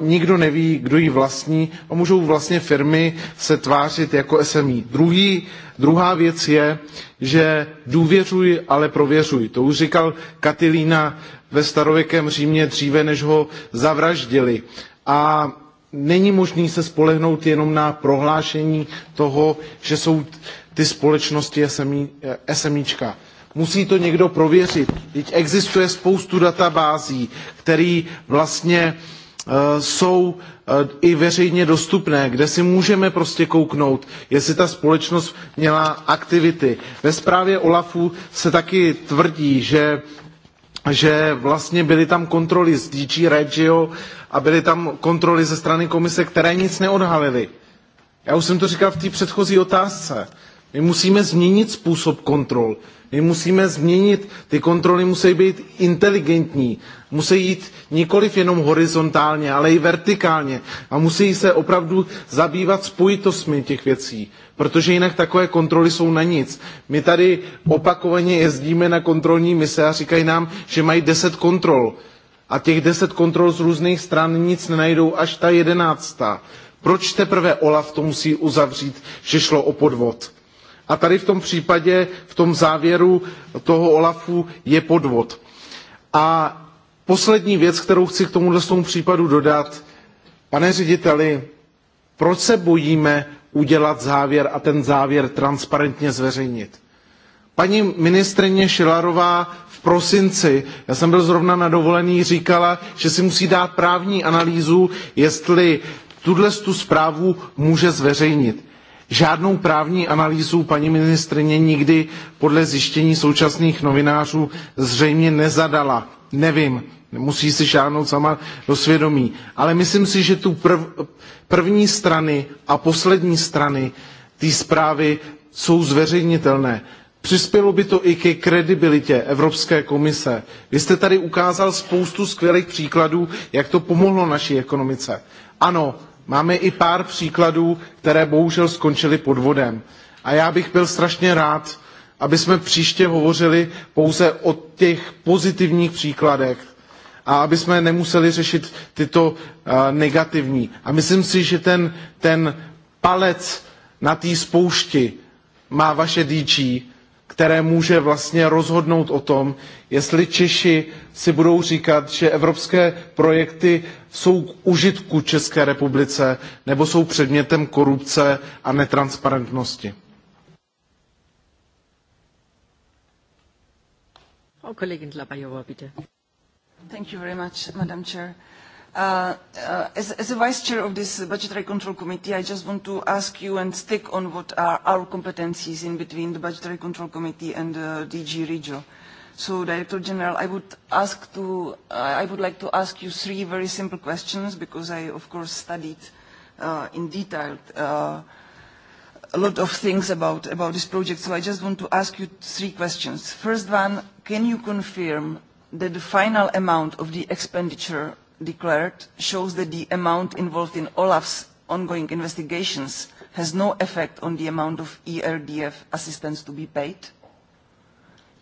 nikdo neví, kdo ji vlastní a můžou vlastně firmy se tvářit jako SME. Druhý, druhá věc je, že důvěřuji, ale prověřuj. To už říkal Katilína ve starověkém Římě dříve, než ho zavraždili. A není možný se spolehnout jenom na prohlášení toho, že jsou ty společnosti SMI, eh, SMIčka. Musí to někdo prověřit. Teď existuje spoustu databází, které vlastně eh, jsou eh, i veřejně dostupné, kde si můžeme prostě kouknout, jestli ta společnost měla aktivity. Ve zprávě OLAFu se taky tvrdí, že, že vlastně byly tam kontroly z DG Regio a byly tam kontroly ze strany komise, které nic neodhalily. Já už jsem to říkal v té předchozí otázce. My musíme změnit způsob kontrol. My musíme změnit, ty kontroly musí být inteligentní, musí jít nikoliv jenom horizontálně, ale i vertikálně a musí se opravdu zabývat spojitostmi těch věcí, protože jinak takové kontroly jsou na nic. My tady opakovaně jezdíme na kontrolní mise a říkají nám, že mají deset kontrol a těch deset kontrol z různých stran nic nenajdou až ta jedenáctá. Proč teprve Olaf to musí uzavřít, že šlo o podvod? a tady v tom případě v tom závěru toho Olafu je podvod. A poslední věc, kterou chci k tomuhle tomu případu dodat, pane řediteli, proč se bojíme udělat závěr a ten závěr transparentně zveřejnit? Paní ministrině Šilarová v prosinci, já jsem byl zrovna na dovolený, říkala, že si musí dát právní analýzu, jestli tuhle tu zprávu může zveřejnit. Žádnou právní analýzu paní ministrině nikdy podle zjištění současných novinářů zřejmě nezadala. Nevím, musí si žádnout sama do svědomí. Ale myslím si, že tu prv, první strany a poslední strany té zprávy jsou zveřejnitelné. Přispělo by to i ke kredibilitě Evropské komise. Vy jste tady ukázal spoustu skvělých příkladů, jak to pomohlo naší ekonomice. Ano, Máme i pár příkladů, které bohužel skončily pod vodem. A já bych byl strašně rád, aby jsme příště hovořili pouze o těch pozitivních příkladech a aby jsme nemuseli řešit tyto uh, negativní. A myslím si, že ten, ten palec na té spoušti má vaše DG, které může vlastně rozhodnout o tom, jestli Češi si budou říkat, že evropské projekty jsou k užitku České republice nebo jsou předmětem korupce a netransparentnosti. Oh, kolegin Dlabajová, bitte. Thank you very much, Madam Chair. Uh, uh, as, as a vice chair of this budgetary control committee, I just want to ask you and stick on what are our competencies in between the budgetary control committee and the uh, DG Regio. So, Director General, I would ask to, uh, I would like to ask you three very simple questions because I, of course, studied uh, in detail uh, a lot of things about, about this project. So I just want to ask you three questions. First one, can you confirm that the final amount of the expenditure declared shows that the amount involved in Olaf's ongoing investigations has no effect on the amount of ERDF assistance to be paid,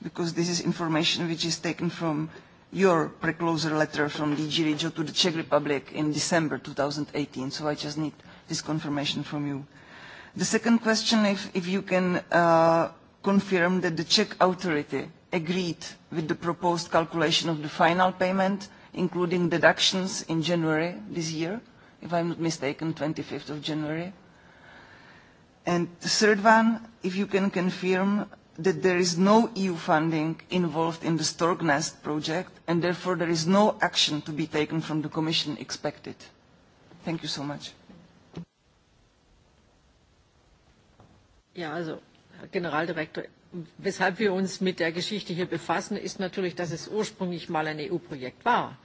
because this is information which is taken from your precloser letter from the Girigio to the Czech Republic in December 2018, so I just need this confirmation from you. The second question, if, if you can uh, confirm that the Czech authority agreed with the proposed calculation of the final payment, uh, including deductions in January this year, if I'm not mistaken, 25th of January? The third one, if you can confirm that there is no EU funding involved in the Stork Nest project, and therefore there is no action to be taken from the commission expected. Thank you so much. Yeah. Ja, also, Generaldirektor, weshalb wir uns mit der Geschichte hier befassen, ist natürlich, dass es ursprünglich mal ein EU-Projekt war.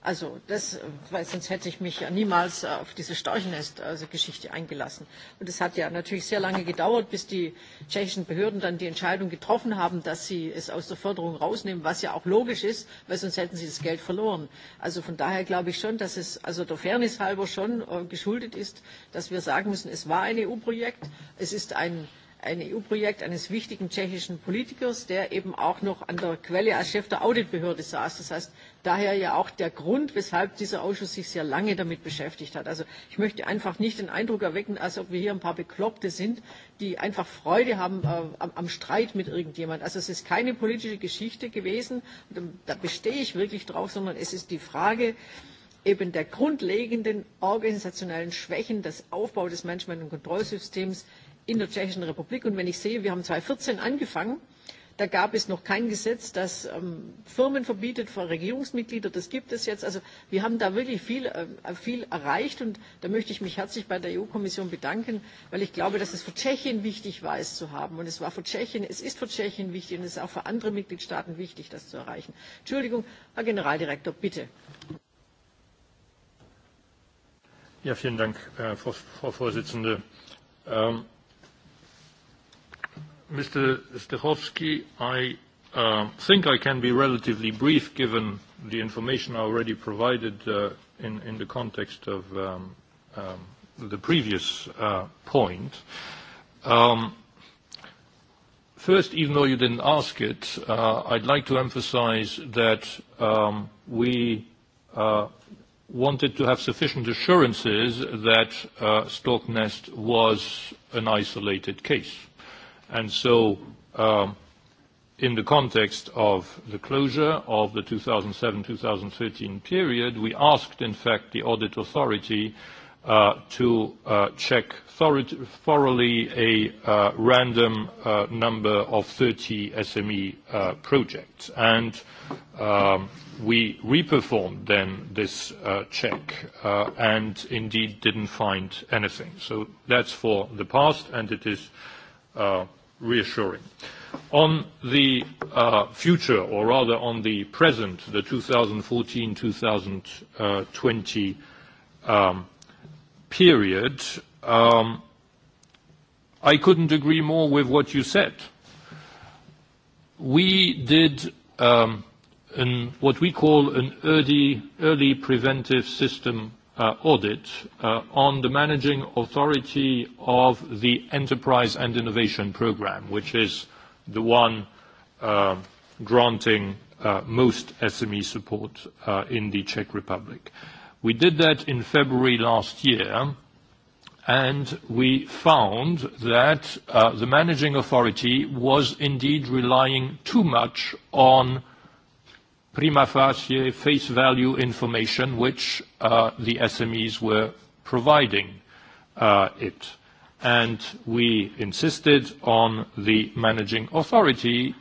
Also das, weil sonst hätte ich mich ja niemals auf diese Storchennest-Geschichte eingelassen. Und es hat ja natürlich sehr lange gedauert, bis die tschechischen Behörden dann die Entscheidung getroffen haben, dass sie es aus der Förderung rausnehmen, was ja auch logisch ist, weil sonst hätten sie das Geld verloren. Also von daher glaube ich schon, dass es also der Fairness halber schon äh, geschuldet ist, dass wir sagen müssen, es war ein EU-Projekt, es ist ein ein EU-Projekt eines wichtigen tschechischen Politikers, der eben auch noch an der Quelle als Chef der Auditbehörde saß. Das heißt, daher ja auch der Grund, weshalb dieser Ausschuss sich sehr lange damit beschäftigt hat. Also ich möchte einfach nicht den Eindruck erwecken, als ob wir hier ein paar Bekloppte sind, die einfach Freude haben äh, am, am Streit mit irgendjemand. Also es ist keine politische Geschichte gewesen, und ähm, da bestehe ich wirklich drauf, sondern es ist die Frage, eben der grundlegenden organisationellen Schwächen des Aufbaus des Management- und Kontrollsystems in der Tschechischen Republik. Und wenn ich sehe, wir haben 2014 angefangen, da gab es noch kein Gesetz, das ähm, Firmen verbietet vor Regierungsmitglieder. Das gibt es jetzt. Also wir haben da wirklich viel, äh, viel erreicht. Und da möchte ich mich herzlich bei der EU-Kommission bedanken, weil ich glaube, dass es für Tschechien wichtig war, es zu haben. Und es war für Tschechien, es ist für Tschechien wichtig und es ist auch für andere Mitgliedstaaten wichtig, das zu erreichen. Entschuldigung, Herr Generaldirektor, bitte. Ja, vielen Dank, äh, Frau, Frau Vorsitzende. Ähm, Mr. Stachowski, I uh, think I can be relatively brief given the information I already provided uh, in the context of um, um, the previous uh, point. Um, first, even though you didn't ask it, I'd like to emphasize that we wanted to have sufficient assurances that Stock Nest was an isolated case. And so, um, in the context of the closure of the 2007-2013 period, we asked, in fact, the audit authority uh, to uh, check thoroughly a uh, random number of 30 SME projects. And um, we reperformed then this check and indeed didn't find anything. So that's for the past, and it is reassuring. On the uh, future, or rather on the present, the 2014-2020 um, period, um, I couldn't agree more with what you said. We did um, what we call an early preventive system Uh, audit uh, on the managing authority of the Enterprise and Innovation Programme, which is the one uh, granting most SME support in the Czech Republic. We did that in February last year, and we found that the managing authority was indeed relying too much on prima facie face value information which uh, the SMEs were providing uh, it. And we insisted on the managing authority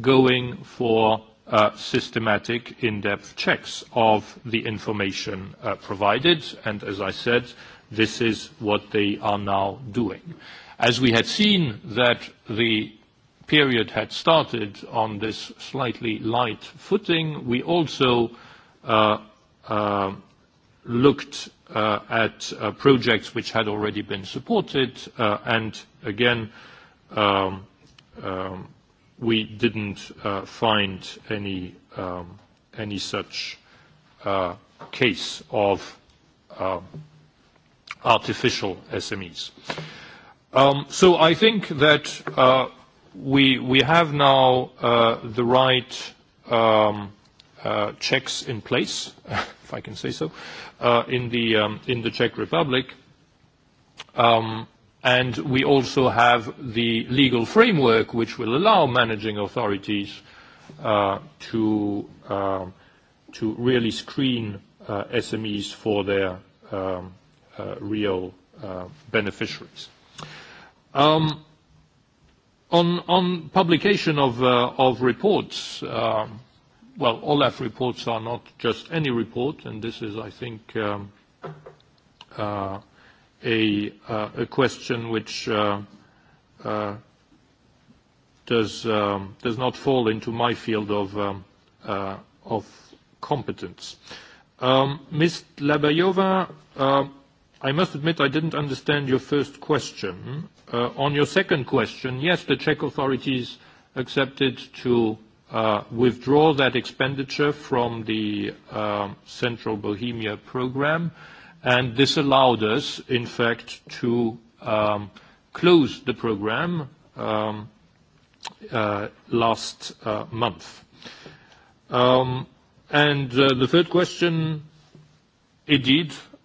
going for uh, systematic in-depth checks of the information uh, provided. And as I said, this is what they are now doing. As we had seen that the period had started on this slightly light footing, we also uh, uh, looked uh, at projects which had already been supported. Again, um, um, we didn't find any um, such case of artificial SMEs. I think that We have now uh, the right um, uh, checks in place, if I can say so, uh, um, in the Czech Republic. Um, and we also have the legal framework which will allow managing authorities to really screen SMEs for their real beneficiaries. On publication of uh, reports, um, well, Olaf reports are not just any report, and this is, I think, um, uh, uh, a question which um, does not fall into my field of competence. Ms. Lebedeva, I must admit I didn't understand your first question. Uh, on your second question, yes, the Czech authorities accepted to uh, withdraw that expenditure from the um, Central Bohemia program, and this allowed us, in fact, to um, close the program um, uh, last month. And the third question, indeed,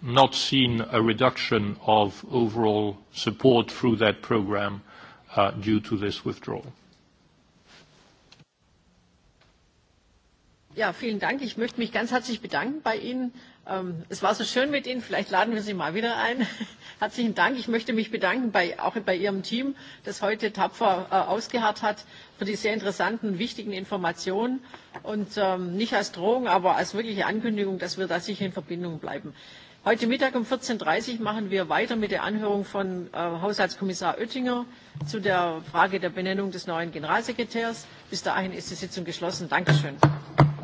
not seen a reduction of overall support through that program uh, due to this withdrawal. Ja, vielen Dank. Ich möchte mich ganz herzlich bedanken bei Ihnen. Ähm, es war so schön mit Ihnen. Vielleicht laden wir Sie mal wieder ein. Herzlichen Dank. Ich möchte mich bedanken bei, auch bei Ihrem Team, das heute tapfer äh, ausgeharrt hat, für die sehr interessanten und wichtigen Informationen und ähm, nicht als Drohung, aber als wirkliche Ankündigung, dass wir da sicher in Verbindung bleiben. Heute Mittag um 14.30 dreißig machen wir weiter mit der Anhörung von äh, Haushaltskommissar Oettinger zu der Frage der Benennung des neuen Generalsekretärs. Bis dahin ist die Sitzung geschlossen. Dankeschön. Applaus